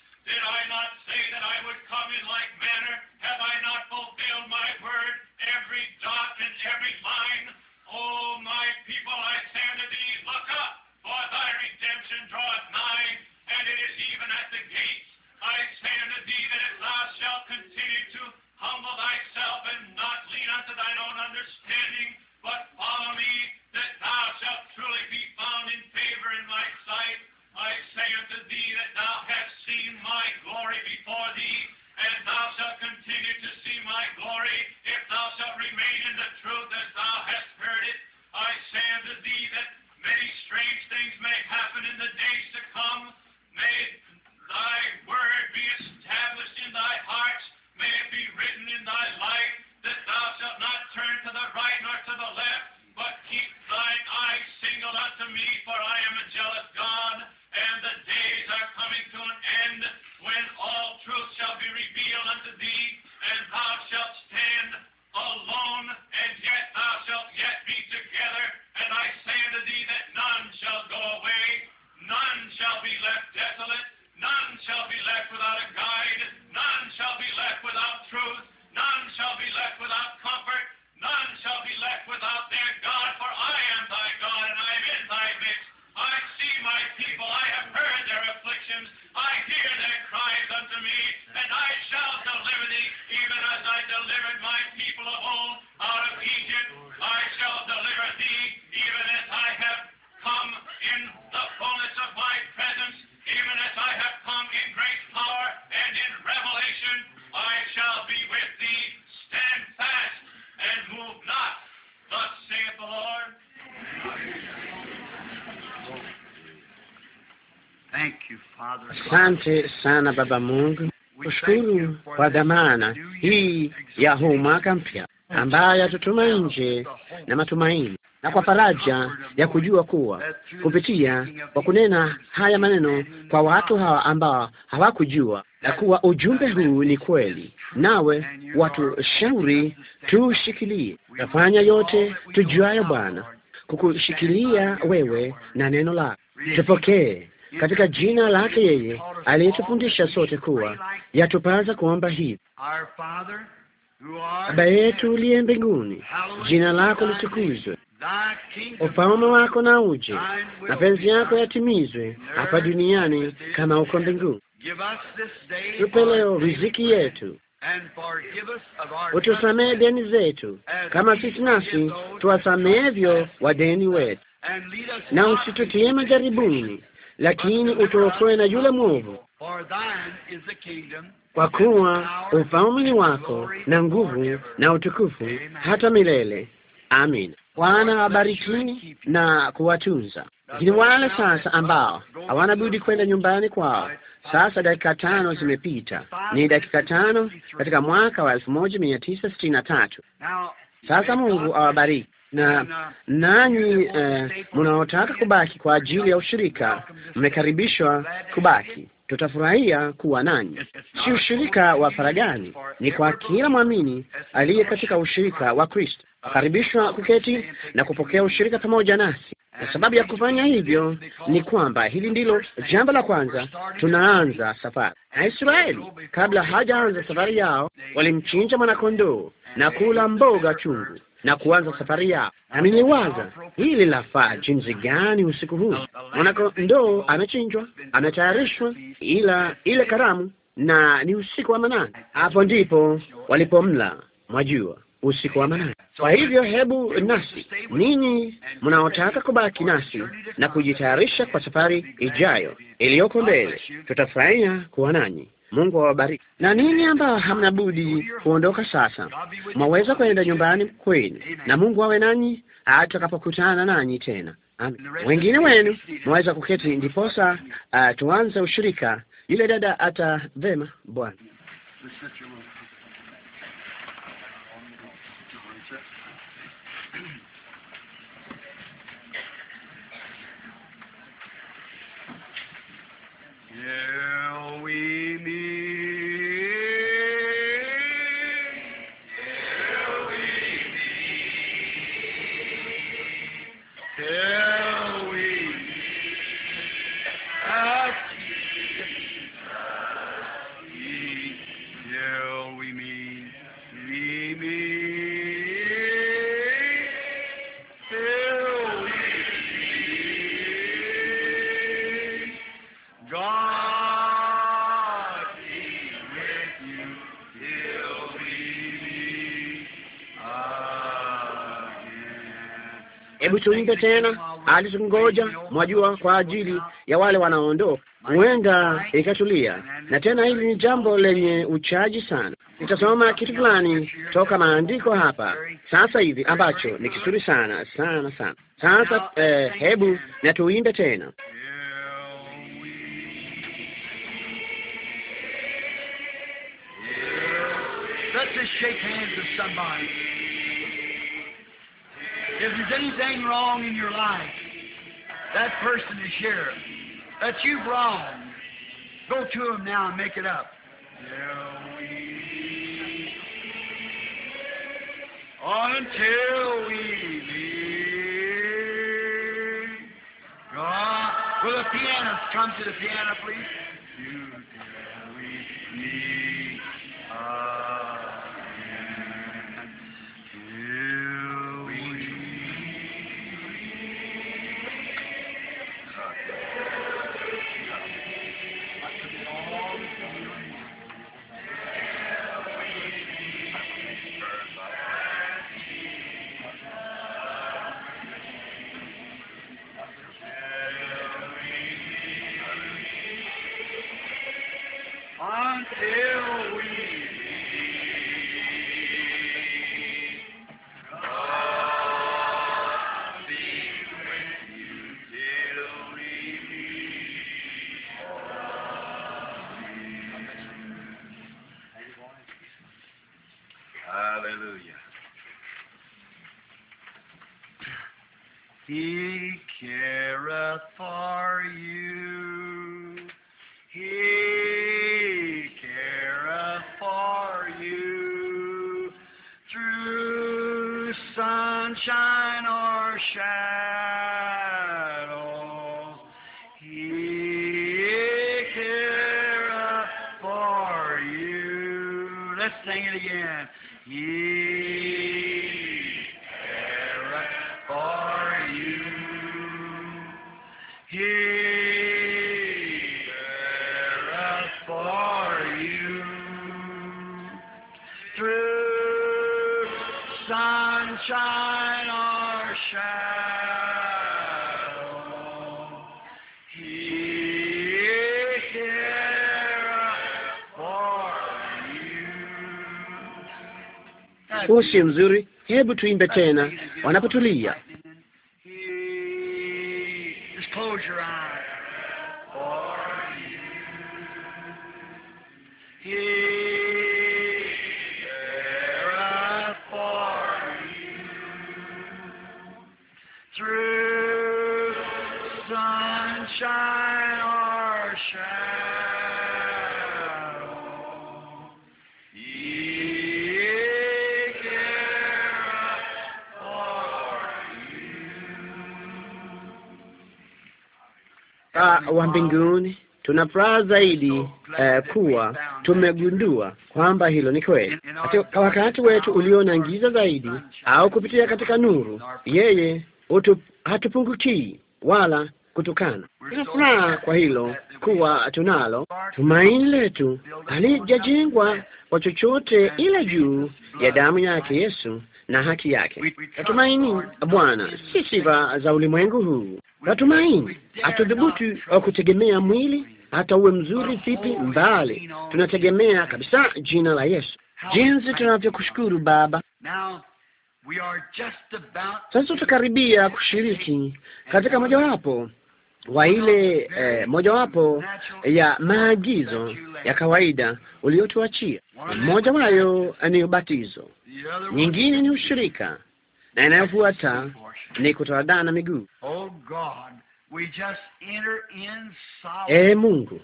Did I not say that I would come in like manner? Have I not fulfilled my word, every dot and every line? O oh, my people, I stand to thee, look up. Asante sana Baba Mungu, kushukuru kwa dhamana hii ya huu mwaka mpya ambayo yatutuma nje na matumaini na kwa faraja ya kujua kuwa kupitia kwa kunena haya maneno kwa watu hawa ambao hawakujua na kuwa ujumbe huu ni kweli, nawe watu shauri tushikilie. Tafanya yote tujuayo, Bwana, kukushikilia wewe na neno lako. Tupokee katika jina lake yeye aliyetufundisha sote kuwa yatupasa kuomba hivi: Baba yetu uliye mbinguni, jina lako litukuzwe, ufalme wako na uje, mapenzi yako yatimizwe hapa duniani kama uko mbinguni. Tupe leo riziki yetu, utusamehe deni zetu kama sisi nasi tuwasamehevyo wadeni wetu, na usitutie majaribuni lakini utorokoe na yule mwovu, kwa kuwa ufalme ni wako na nguvu na utukufu hata milele. Amina. Bwana wabariki na kuwatunza. Lakini wale sasa ambao hawana budi kwenda nyumbani kwao, sasa dakika tano zimepita, ni dakika tano katika mwaka wa elfu moja mia tisa sitini na tatu. Sasa Mungu awabariki na nanyi, eh, mnaotaka kubaki kwa ajili ya ushirika mmekaribishwa kubaki. Tutafurahia kuwa nanyi. Si ushirika wa faragani, ni kwa kila mwamini aliye katika ushirika wa Kristo akaribishwa kuketi na kupokea ushirika pamoja nasi, na sababu ya kufanya hivyo ni kwamba hili ndilo jambo la kwanza, tunaanza safari. Na Israeli kabla hajaanza safari yao walimchinja mwanakondoo na kula mboga chungu na kuanza safari yao. Na niliwaza hili lafaa jinsi gani usiku huu. Mwanakondoo amechinjwa, ametayarishwa, ila ile karamu, na ni usiku wa manane. Hapo ndipo walipomla, mwajua, usiku wa manane. Kwa hivyo, hebu nasi ninyi mnaotaka kubaki nasi na kujitayarisha kwa safari ijayo iliyoko mbele, tutafurahia kuwa nanyi. Mungu awabariki. Na nini ambayo hamna budi kuondoka sasa, mwaweza kwenda nyumbani kwenu, na Mungu awe nanyi atakapokutana nanyi tena. Amen. Wengine wenu mwaweza kuketi, ndiposa uh, tuanze ushirika. Yule dada ata vema, Bwana Shall we meet? usimpe tena, alitungoja mwajua, kwa ajili ya wale wanaoondoka huenda ikatulia. Na tena hili ni jambo lenye uchaji sana. Nitasoma kitu fulani toka maandiko hapa sasa hivi ambacho ni kizuri sana sana sana. Sasa eh, hebu natuimbe tena. Let's just shake hands with somebody. If there's anything wrong in your life, that person is here. That you've wronged. Go to him now and make it up. Until we meet. God. Will the pianist come to the piano, please? uandishi mzuri. Hebu tuimbe tena wanapotulia. wa mbinguni tuna furaha zaidi uh, kuwa tumegundua kwamba hilo ni kweli. Katika wakati wetu ulio na giza zaidi, au kupitia katika nuru, yeye hatupungukii wala kutukana. Ina furaha kwa hilo kuwa tunalo tumaini letu halijajengwa kwa chochote ila juu ya damu yake Yesu na haki yake. Natumaini Bwana, si sifa za ulimwengu huu. Natumaini hatudhubutu wa kutegemea mwili, hata uwe mzuri vipi, mbali tunategemea kabisa jina la Yesu. Jinsi tunavyokushukuru Baba. Sasa tutakaribia kushiriki katika mojawapo wa ile eh, mojawapo ya maagizo ya kawaida uliotuachia. Mmoja wayo ni ubatizo, nyingine ni ushirika, na inayofuata ni kutoadana miguu. E Mungu,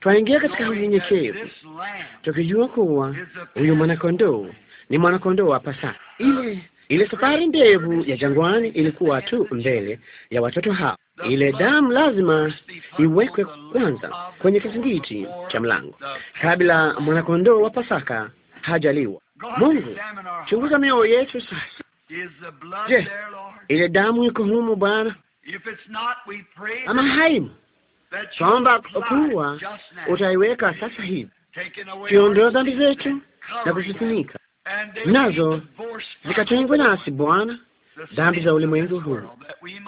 twaingia katika unyenyekevu tukijua kuwa huyu mwanakondoo ni mwanakondoo hapa. Sasa ile ile safari ndefu ya jangwani ilikuwa tu mbele ya watoto hao. Ile damu lazima iwekwe kwanza kwenye kizingiti cha mlango kabla mwanakondoo wa Pasaka hajaliwa. Mungu, chunguza mioyo yetu sasa. Je, ile damu iko humu Bwana? Ama haimu? Tuomba kuwa utaiweka sasa hivi, kiondoa dhambi zetu na kuzifunika nazo, zikatengwe nasi Bwana dhambi za ulimwengu huu,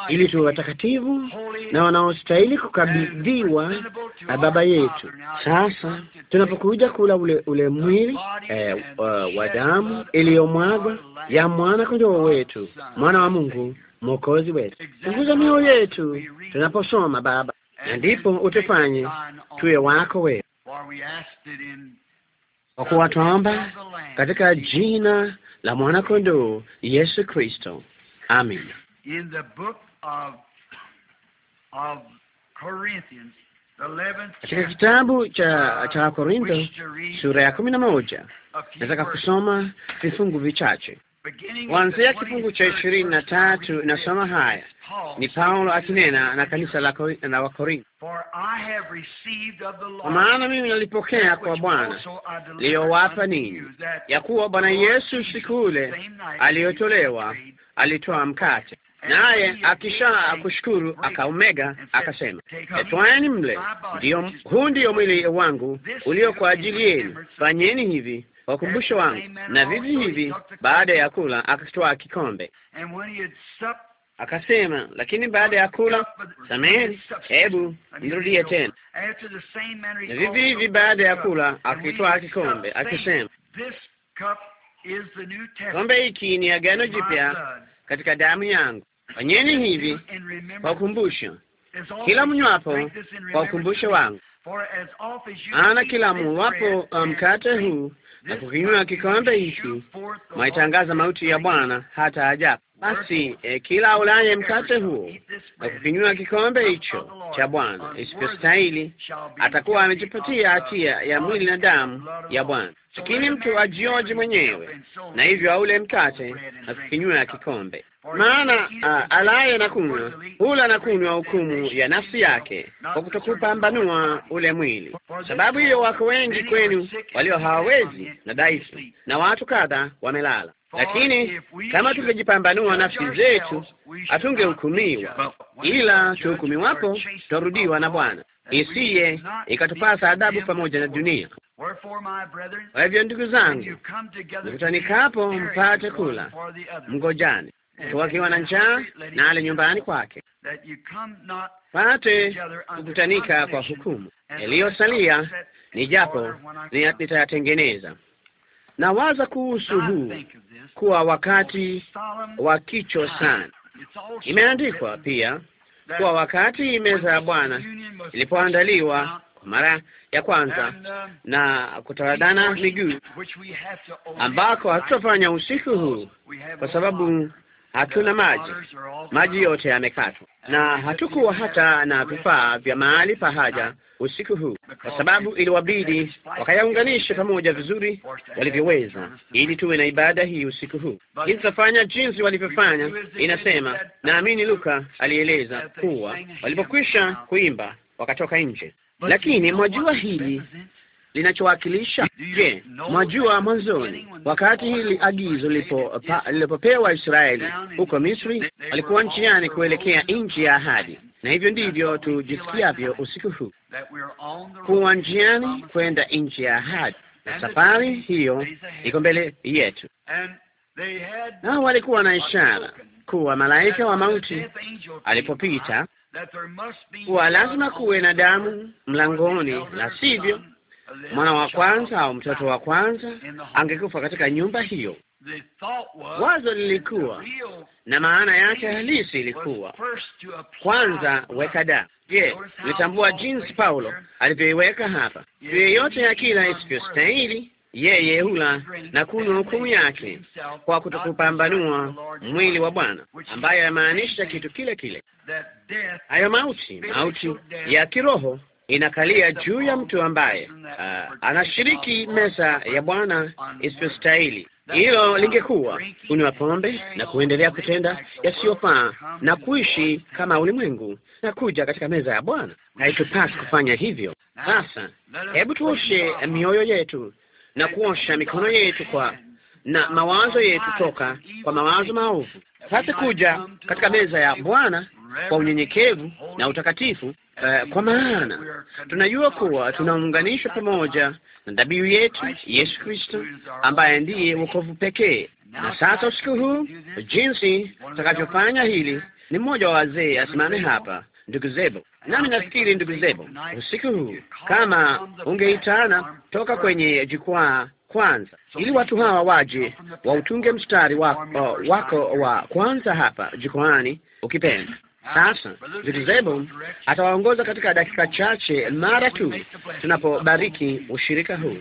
ili tuwe watakatifu na wanaostahili kukabidhiwa na Baba yetu. Sasa tunapokuja kula ule, ule mwili eh, wa damu iliyomwagwa ya mwana kondoo wetu, mwana wa Mungu mwokozi wetu, punguza mioyo yetu tunaposoma Baba, na ndipo utufanye tuwe wako wewe, kwa kuwa twomba katika jina la mwana kondoo Yesu Kristo. Amin. Katika kitabu cha cha Wakorintho sura ya kumi na moja nataka kusoma vifungu vichache. Kuanzia kifungu cha ishirini na tatu inasoma haya. Ni Paulo akinena na kanisa la Wakorintho: kwa maana mimi nalipokea kwa Bwana liyowapa ninyi, ya kuwa Bwana Yesu siku ile aliyotolewa, alitoa mkate, naye akisha kushukuru akaumega, akasema, twaeni mle, ndio huu ndio mwili wangu ulio kwa ajili yenu, fanyeni hivi kwa wangu. Na vivi hivi baada ya kula akatoa kikombe akasema, lakini baada ya kula sameheni, hebu nirudie tena. Na vivi hivi baada ya kula akitoa kikombe akisema, kombe hiki ni agano jipya katika damu yangu. Fanyeni hivi kwa ukumbusho, kila mnywapo kwa ukumbusho wangu. Ana kila mwapo uh, mkate huu na kukinywa kikombe hiki, maitangaza mauti ya Bwana hata ajapo. Basi eh, kila aulaye mkate huo na kukinywa kikombe hicho cha Bwana isivyostahili atakuwa amejipatia hatia ya mwili na damu ya Bwana. Lakini mtu ajioji mwenyewe na hivyo aule mkate na kukinywa kikombe, maana uh, alaye na kunywa hula na kunywa hukumu ya nafsi yake kwa kutokupambanua ule mwili. Sababu hiyo wako wengi kwenu walio hawawezi na dhaifu, na watu kadha wamelala lakini kama tungejipambanua nafsi zetu hatungehukumiwa, ila tuhukumiwapo tutarudiwa na Bwana, isiye ikatupasa adhabu pamoja na dunia. Kwa hivyo, ndugu zangu, mkutanikapo mpate kula, mngojani wakiwa na njaa na ale nyumbani kwake, pate kukutanika kwa hukumu. Iliyosalia ni japo nitayatengeneza Nawaza kuhusu huu kuwa wakati wa kicho sana. Imeandikwa pia kuwa wakati meza ya Bwana ilipoandaliwa kwa mara ya kwanza um, na kutaradana miguu, ambako hatutafanya usiku huu kwa sababu hatuna maji, maji yote yamekatwa, na hatukuwa hata na vifaa vya mahali pa haja usiku huu, kwa sababu iliwabidi wakayaunganisha pamoja vizuri walivyoweza, ili tuwe na ibada hii usiku huu. Jinsi jinsi walivyofanya, inasema naamini Luka alieleza kuwa walipokwisha kuimba wakatoka nje. Lakini mwajua hili linachowakilisha? Je, mwajua mwanzoni Wakati hili agizo lilipopewa Israeli huko Misri, walikuwa njiani kuelekea nchi ya ahadi, na hivyo ndivyo tujisikiavyo usiku huu, kuwa njiani kwenda nchi ya ahadi, na safari hiyo iko mbele yetu. Nao walikuwa na ishara kuwa malaika wa mauti alipopita kuwa lazima kuwe na damu mlangoni, la sivyo mwana wa kwanza au mtoto wa kwanza angekufa katika nyumba hiyo. Wazo lilikuwa na maana yake halisi ilikuwa kwanza weka da Je, nitambua jinsi Paulo alivyoiweka hapa, yeyote ya kila isivyostahili yeye hula na kunywa hukumu yake kwa kutokupambanua mwili wa Bwana, ambayo yamaanisha kitu kile kile, hayo mauti, mauti ya kiroho inakalia juu ya mtu ambaye uh, anashiriki meza ya Bwana isiyostahili. Hilo lingekuwa kunywa pombe na kuendelea kutenda yasiyofaa na kuishi kama ulimwengu na kuja katika meza ya Bwana. Haitupasi kufanya hivyo. Sasa hebu tuoshe mioyo yetu na kuosha mikono yetu kwa na mawazo yetu toka kwa mawazo maovu, pate kuja katika meza ya Bwana kwa unyenyekevu na utakatifu Uh, kwa maana tunajua kuwa tunaunganishwa pamoja na dhabihu yetu Yesu Kristo ambaye ndiye wokovu pekee. Na sasa usiku huu, jinsi tutakavyofanya hili, ni mmoja wa wazee asimame hapa, ndugu Zebo, nami nafikiri ndugu Zebo, usiku huu kama ungeitana toka kwenye jukwaa kwanza ili watu hawa waje wautunge mstari wako, wako wa kwanza hapa jukwaani ukipenda. Sasa ndugu zebu atawaongoza katika dakika chache, mara tu tunapobariki ushirika huu.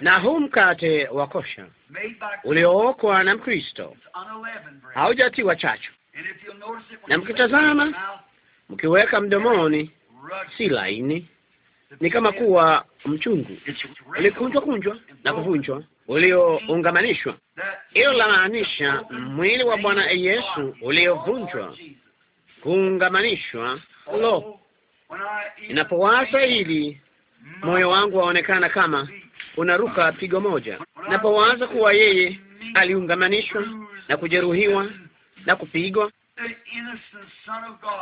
na huu mkate wa kosha uliookwa na Mkristo haujatiwa chachu, na mkitazama mkiweka mdomoni, si laini, ni kama kuwa mchungu ulikunjwa kunjwa na kuvunjwa, ulioungamanishwa. Hilo linamaanisha mwili wa Bwana Yesu uliovunjwa, kuungamanishwa. Lo, inapowaza hili moyo wangu waonekana kama unaruka pigo moja, inapowaza kuwa yeye aliungamanishwa na kujeruhiwa na kupigwa,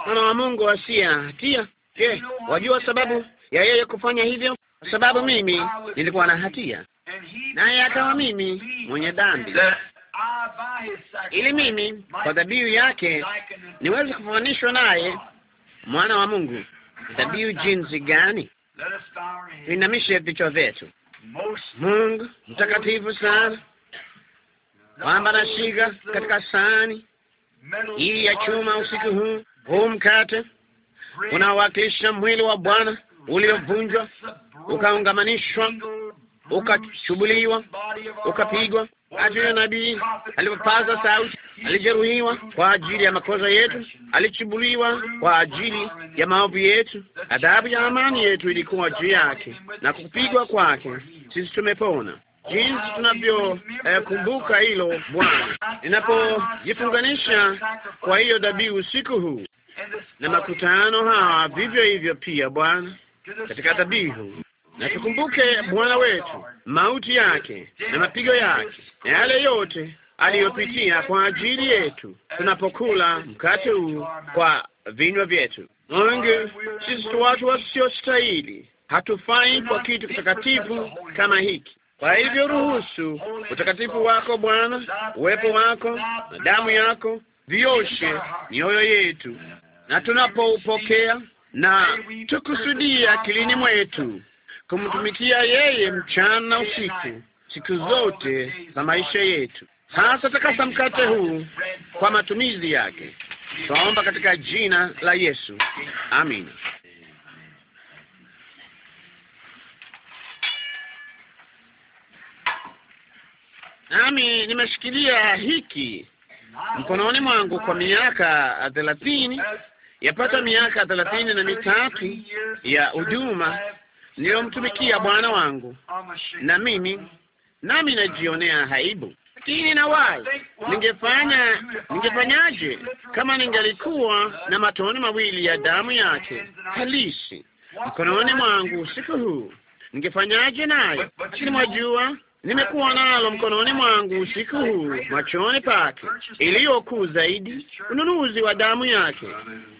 mwana wa Mungu asiye hatia Je, wajua sababu ya yeye kufanya hivyo? Kwa sababu mimi nilikuwa na hatia, naye akawa mimi mwenye dhambi, ili mimi kwa dhabihu yake niweze kufananishwa naye mwana wa Mungu. Dhabihu jinsi gani? Tuinamishe vichwa vyetu. Mungu mtakatifu sana, kwamba nashika katika sahani hii ya chuma usiku huu huu mkate unawakilisha mwili wa Bwana uliovunjwa ukaungamanishwa ukachubuliwa ukapigwa. ajili ya nabii alipopaza sauti, alijeruhiwa kwa ajili ya makosa yetu, alichubuliwa kwa ajili ya maovu yetu, adhabu ya amani yetu ilikuwa juu yake, na kupigwa kwake sisi tumepona. Jinsi tunavyokumbuka eh, hilo Bwana, ninapojifunganisha kwa hiyo dhabihu usiku huu na makutano hawa vivyo hivyo pia, Bwana, katika dhabihu na tukumbuke Bwana wetu mauti yake na mapigo yake na yale yote aliyopitia kwa ajili yetu, tunapokula mkate huu kwa vinywa vyetu. Mungu, sisi tu watu wasiostahili, hatufai kwa kitu kitakatifu kama hiki. Kwa hivyo ruhusu utakatifu wako Bwana, uwepo wako na damu yako vioshe mioyo yetu na tunapoupokea na tukusudia kilini mwetu kumtumikia yeye mchana usiku siku zote za maisha yetu. Sasa takasa mkate huu kwa matumizi yake. Twaomba katika jina la Yesu, amina. Nami nimeshikilia hiki mkononi mwangu kwa miaka thelathini yapata miaka thelathini na mitatu ya huduma niliyomtumikia Bwana wangu, na mimi nami najionea haibu, lakini na wai ningefanya ningefanyaje kama ningelikuwa na matone mawili ya damu yake halisi mkononi mwangu usiku huu, ningefanyaje nayo? Lakini mwajua nimekuwa nalo mkononi mwangu usiku huu, machoni pake, iliyokuu zaidi, ununuzi wa damu yake,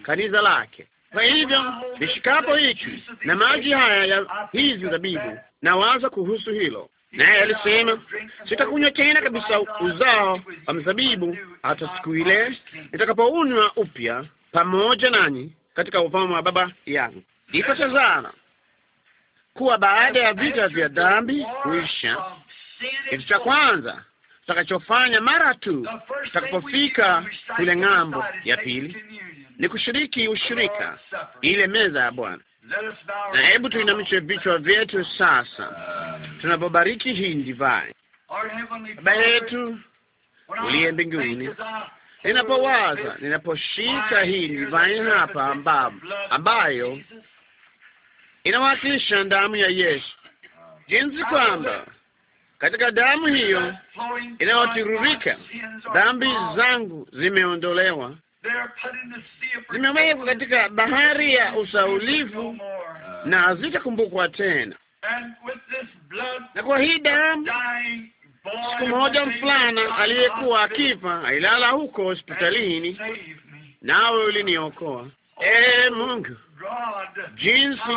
kanisa lake. Kwa hivyo nishikapo hiki na maji haya ya hizi zabibu, nawaza kuhusu hilo. Naye alisema sitakunywa tena kabisa uzao wa mzabibu hata siku ile nitakapounywa upya pamoja nanyi katika ufalme wa Baba yangu. Ipo tazama kuwa baada ya vita vya dhambi kuisha, kitu cha kwanza tutakachofanya mara tu tutakapofika kule ng'ambo ya pili ni kushiriki ushirika ile meza ya Bwana. Na hebu tuinamishe vichwa vyetu sasa, tunapobariki hii divai. Baba yetu uliye mbinguni, ninapowaza, ninaposhika hii divai hapa, ambayo, ambayo inawakilisha damu ya Yesu, jinsi kwamba katika damu hiyo inayotiririka dhambi zangu zimeondolewa, zimewekwa katika bahari ya usaulivu na hazitakumbukwa tena. Na kwa hii damu, siku moja mfulana aliyekuwa akifa ailala huko hospitalini, nawe uliniokoa. Ee Mungu, jinsi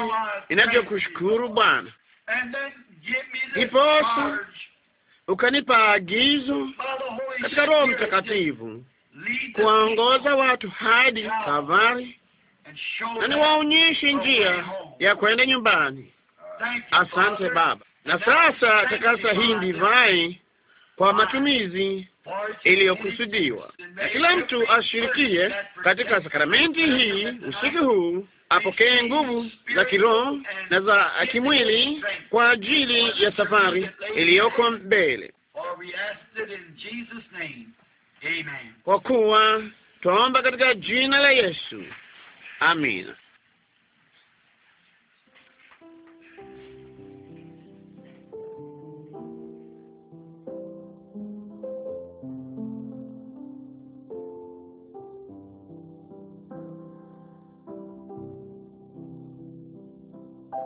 inavyokushukuru Bwana. Ndiposa ukanipa agizo katika Roho Mtakatifu kuwaongoza watu hadi Kavari na niwaonyeshe njia ya kwenda nyumbani. Asante Baba. Na sasa takasa hii divai kwa matumizi iliyokusudiwa, na kila mtu ashirikie katika sakramenti hii usiku huu apokee nguvu za kiroho na za kimwili kwa ajili ya safari iliyoko mbele, kwa kuwa twaomba katika jina la Yesu, amina.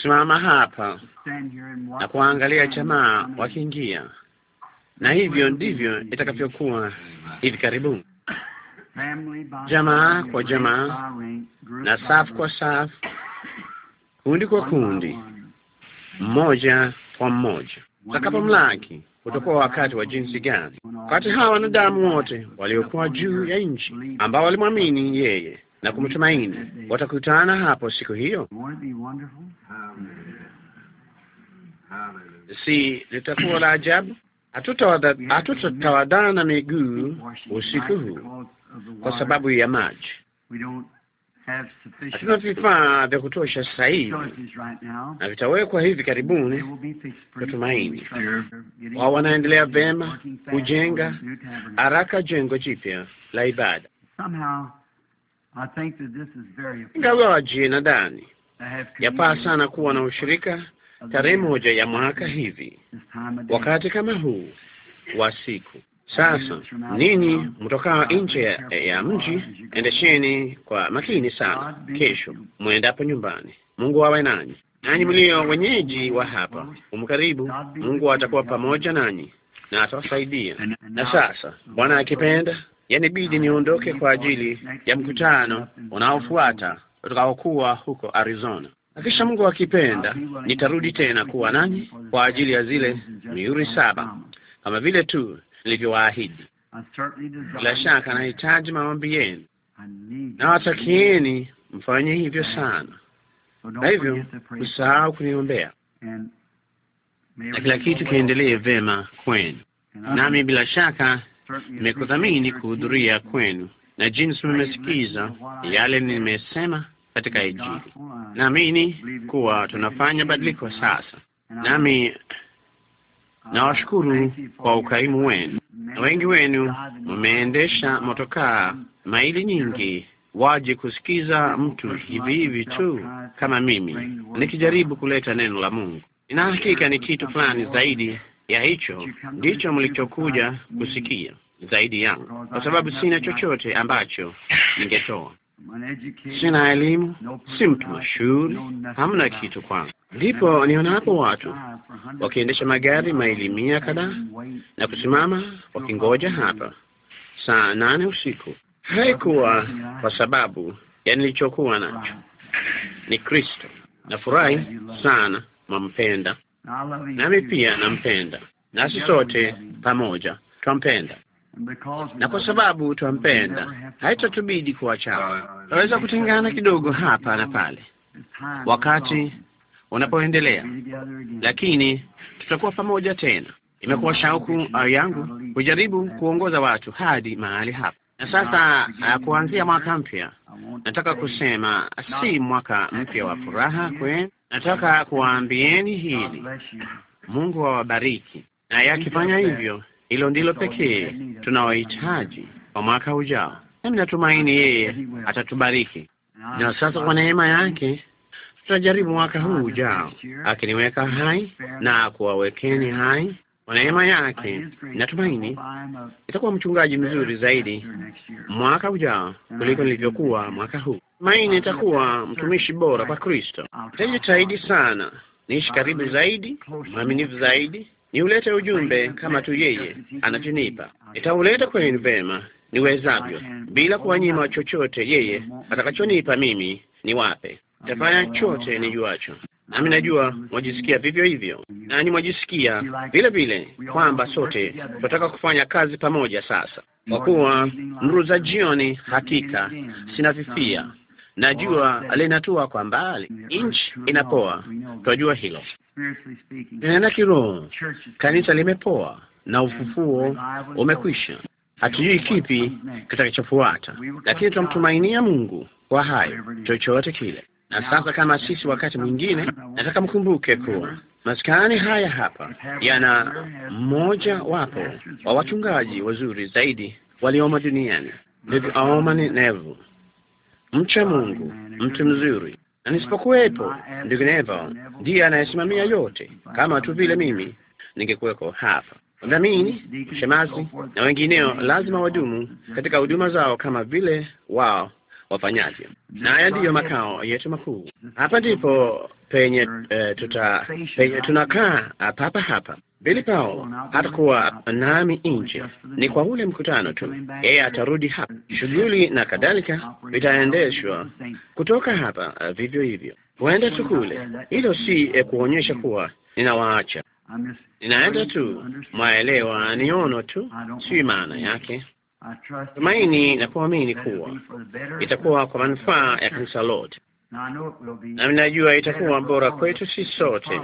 kusimama hapa na kuangalia jamaa wakiingia, na hivyo ndivyo itakavyokuwa hivi karibuni, jamaa kwa jamaa na safu kwa safu, kundi kwa kundi, mmoja kwa mmoja. mlaki utakuwa wakati wa jinsi gani? Wakati hawa wanadamu wote waliokuwa juu ya nchi ambao walimwamini yeye na kumtumaini watakutana hapo siku hiyo si litakuwa la ajabu? na miguu usiku huu kwa sababu ya maji. Hatuna vifaa vya kutosha sasa hivi, na vitawekwa hivi karibuni. Tutumaini wao wanaendelea vyema kujenga haraka jengo jipya la ibada. Ingawaje nadhani yapaa sana kuwa na ushirika tarehe moja ya mwaka hivi, wakati kama huu wa siku. Sasa ninyi mtokao nje ya, mji, endesheni kwa makini sana kesho mwendapo nyumbani. Mungu awe nanyi, nanyi mlio wenyeji wa hapa umkaribu Mungu, atakuwa pamoja nanyi na atawasaidia. Na sasa Bwana akipenda, yani bidi niondoke kwa ajili ya mkutano unaofuata utakaokuwa huko Arizona na kisha Mungu akipenda nitarudi tena kuwa nanyi kwa ajili ya zile mihuri saba kama vile tu nilivyowaahidi. Bila shaka nahitaji maombi yenu, nawatakieni mfanye hivyo sana. Na hivyo usahau kuniombea, na kila kitu kiendelee vema kwenu, nami bila shaka nimekuthamini kuhudhuria kwenu na jinsi mmesikiza yale nimesema katika Injili. Naamini kuwa tunafanya badiliko sasa, nami nawashukuru kwa ukarimu wenu. Wengi wenu mmeendesha motokaa maili nyingi waje kusikiza mtu hivi hivi tu kama mimi nikijaribu kuleta neno la Mungu. Nina hakika ni kitu fulani zaidi ya hicho ndicho mlichokuja kusikia zaidi yangu, kwa sababu sina chochote ambacho ningetoa sina elimu, si mtu mashuhuri, hamna kitu kwangu. Ndipo nionapo watu wakiendesha magari maili mia kadhaa na kusimama wakingoja hapa saa nane usiku. Haikuwa kwa sababu ya nilichokuwa nacho, ni Kristo. Nafurahi sana mwampenda, nami pia nampenda, nasi sote pamoja twampenda na kwa sababu twampenda, haitatubidi kuwachana. Tunaweza kutengana kidogo hapa na pale wakati unapoendelea, lakini tutakuwa pamoja tena. Imekuwa shauku uh, yangu kujaribu kuongoza watu hadi mahali hapa, na sasa uh, kuanzia mwaka mpya, nataka kusema si mwaka mpya wa furaha kwenu. Nataka kuwaambieni hili, Mungu awabariki, na yakifanya hivyo hilo ndilo pekee tunaohitaji kwa mwaka ujao, nami natumaini yeye atatubariki. Na sasa kwa neema yake tutajaribu mwaka huu ujao, akiniweka hai na kuwawekeni hai kwa neema yake, natumaini itakuwa mchungaji mzuri zaidi mwaka ujao kuliko nilivyokuwa mwaka huu. Tumaini itakuwa mtumishi bora kwa Kristo. Nitajitahidi sana niishi karibu zaidi, mwaminifu zaidi niulete ujumbe kama tu yeye anachonipa. Nitauleta kwenu vema niwezavyo, bila kuwanyima chochote. Yeye atakachonipa mimi niwape. Nitafanya chote nijuacho, nami najua mwajisikia vivyo hivyo, nani mwajisikia vile vile kwamba sote tunataka kufanya kazi pamoja sasa, kwa kuwa nuru za jioni hakika sinavifia na jua linatua kwa mbali, nchi inapoa, twajua hilo. Nena kiroho, kanisa limepoa na ufufuo umekwisha. Hatujui kipi kitakachofuata, lakini tunamtumainia Mungu kwa hayo, chochote kile. Na sasa, kama sisi wakati mwingine, nataka mkumbuke kuwa maskani haya hapa yana mmoja wapo wa wachungaji wazuri zaidi waliomo duniani, Aoma Nevu mcha Mungu, mtu mzuri, na nisipokuwepo, ndugu Neville ndiye anayesimamia yote, kama tu vile mimi ningekuweko hapa. Wadhamini, shemazi na wengineo lazima wadumu katika huduma zao kama vile wao wafanyavyo, na haya ndiyo makao yetu makuu. Hapa ndipo penye, eh, tuta, penye tunakaa ah, papa hapa. Bili hata hatakuwa nami nje, ni kwa ule mkutano tu. Yeye atarudi hapa, shughuli na kadhalika vitaendeshwa kutoka hapa. Ah, vivyo hivyo huenda tu kule. Hilo si eh, kuonyesha kuwa ninawaacha, ninaenda tu, mwaelewa, niono tu, si maana yake. Tumaini na kuamini kuwa itakuwa kwa manufaa ya kanisa lote na ninajua itakuwa bora kwetu sisi sote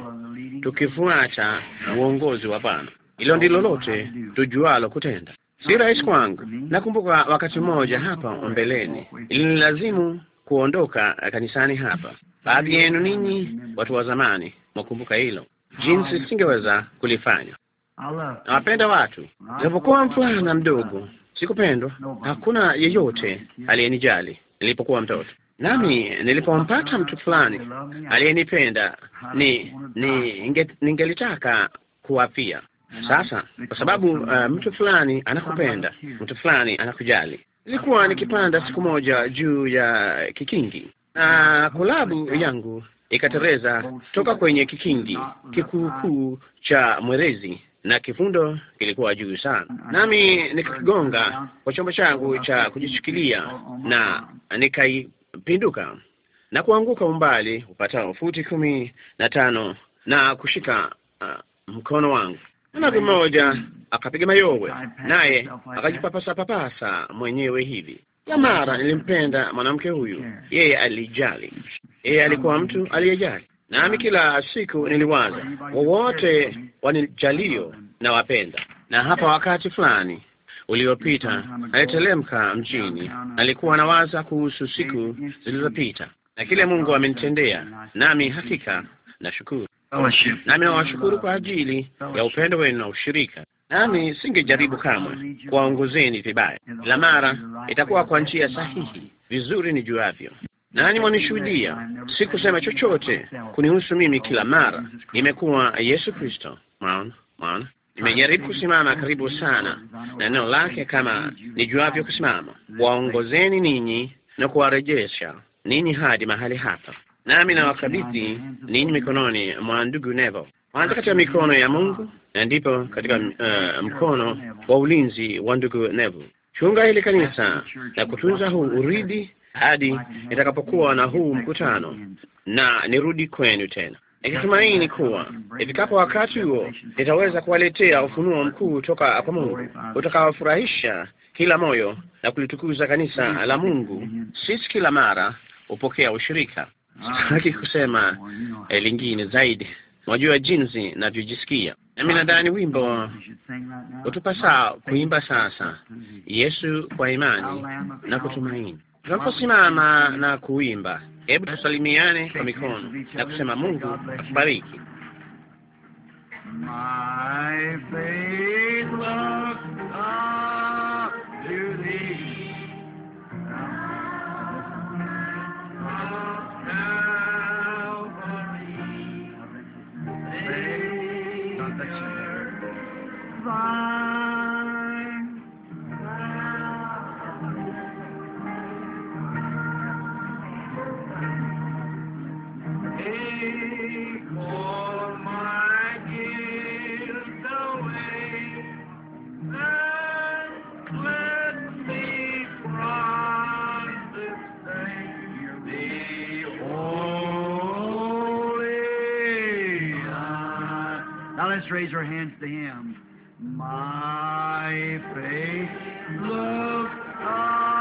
tukifuata uongozi wa Bwana. Hilo ndilo lote tujualo kutenda. Si rahisi kwangu. Nakumbuka wakati mmoja hapa mbeleni lazimu kuondoka kanisani hapa. Baadhi yenu ninyi watu wa zamani mwakumbuka hilo, jinsi singeweza kulifanya. Nawapenda watu, napokuwa mfulana mdogo sikupendwa, hakuna yeyote aliyenijali nilipokuwa mtoto Nami nilipompata mtu fulani aliyenipenda ni, ni ningelitaka kuwapia sasa, kwa sababu uh, mtu fulani anakupenda, mtu fulani anakujali. Nilikuwa nikipanda siku moja juu ya kikingi na kulabu yangu ikatereza toka kwenye kikingi kikuukuu cha mwerezi na kifundo kilikuwa juu sana, nami nikakigonga kwa chombo changu cha kujishikilia na nikai pinduka na kuanguka umbali upatao futi kumi na tano na kushika uh, mkono wangu. Mama mmoja akapiga mayowe, naye akajipapasa papasa mwenyewe hivi. Ya mara nilimpenda mwanamke huyu, yeye alijali, yeye alikuwa mtu aliyejali. Nami kila siku niliwaza wowote wanijalio na wapenda, na hapa wakati fulani uliopita aliteremka mjini. Alikuwa anawaza kuhusu siku zilizopita na kile Mungu amenitendea, nami hakika nashukuru, nami nawashukuru kwa ajili ya upendo wenu na ushirika nami singejaribu kamwe kuwaongozeni vibaya, ila mara itakuwa kwa njia sahihi, vizuri nijuavyo. Nani mwanishuhudia, sikusema chochote kunihusu mimi. Kila mara imekuwa Yesu Kristo. Mwaona, mwaona, Nimejaribu kusimama karibu sana na neno lake kama nijuavyo kusimama, waongozeni ninyi na kuwarejesha ninyi hadi mahali hapa, nami nawakabidhi ninyi mikononi mwa ndugu Nevo, kwanza katika mikono ya Mungu na ndipo katika uh, mkono wa ulinzi wa ndugu Nevo. Chunga hili kanisa na kutunza huu uridi hadi nitakapokuwa na huu mkutano na nirudi kwenu tena nikitumaini kuwa ifikapo wakati huo nitaweza kuwaletea ufunuo mkuu toka kwa Mungu utakaofurahisha kila moyo na kulitukuza kanisa la Mungu. Sisi kila mara hupokea ushirika, sitaki kusema eh, lingine zaidi. Mwajua jinsi navyojisikia nami. Nadhani wimbo utupasa kuimba sasa, Yesu kwa imani na kutumaini Tunaposimama na kuimba, hebu tusalimiane kwa mikono na kusema Mungu akubariki. Let's raise our hands to Him. My faith, look up.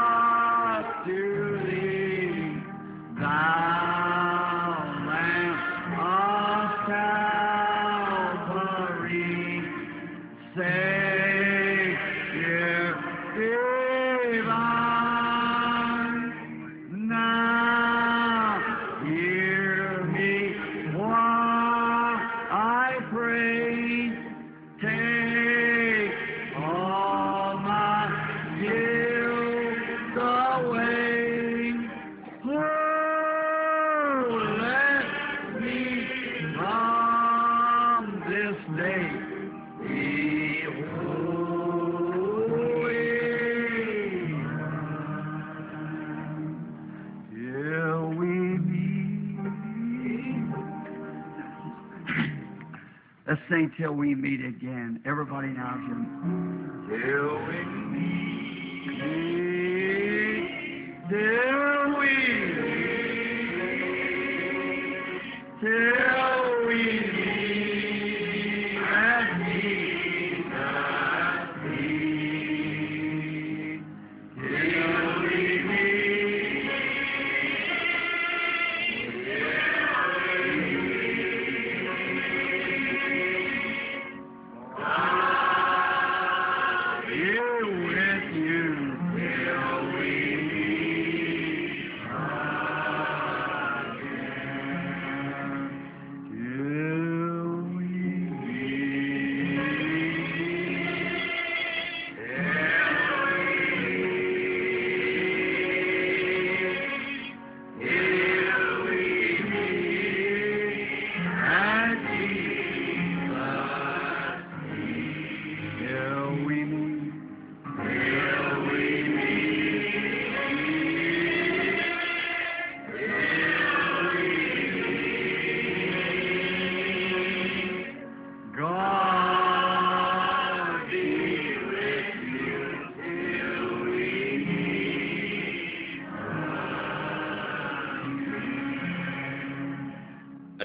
sing till we meet again. Everybody now, Jim. Till we meet, till we meet, till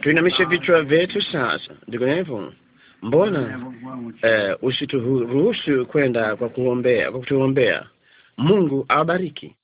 tuinamishe vichwa vyetu sasa. Ndiko hivyo, mbona eh, usituruhusu kwenda kwa kuombea, kwa kutuombea Mungu awabariki.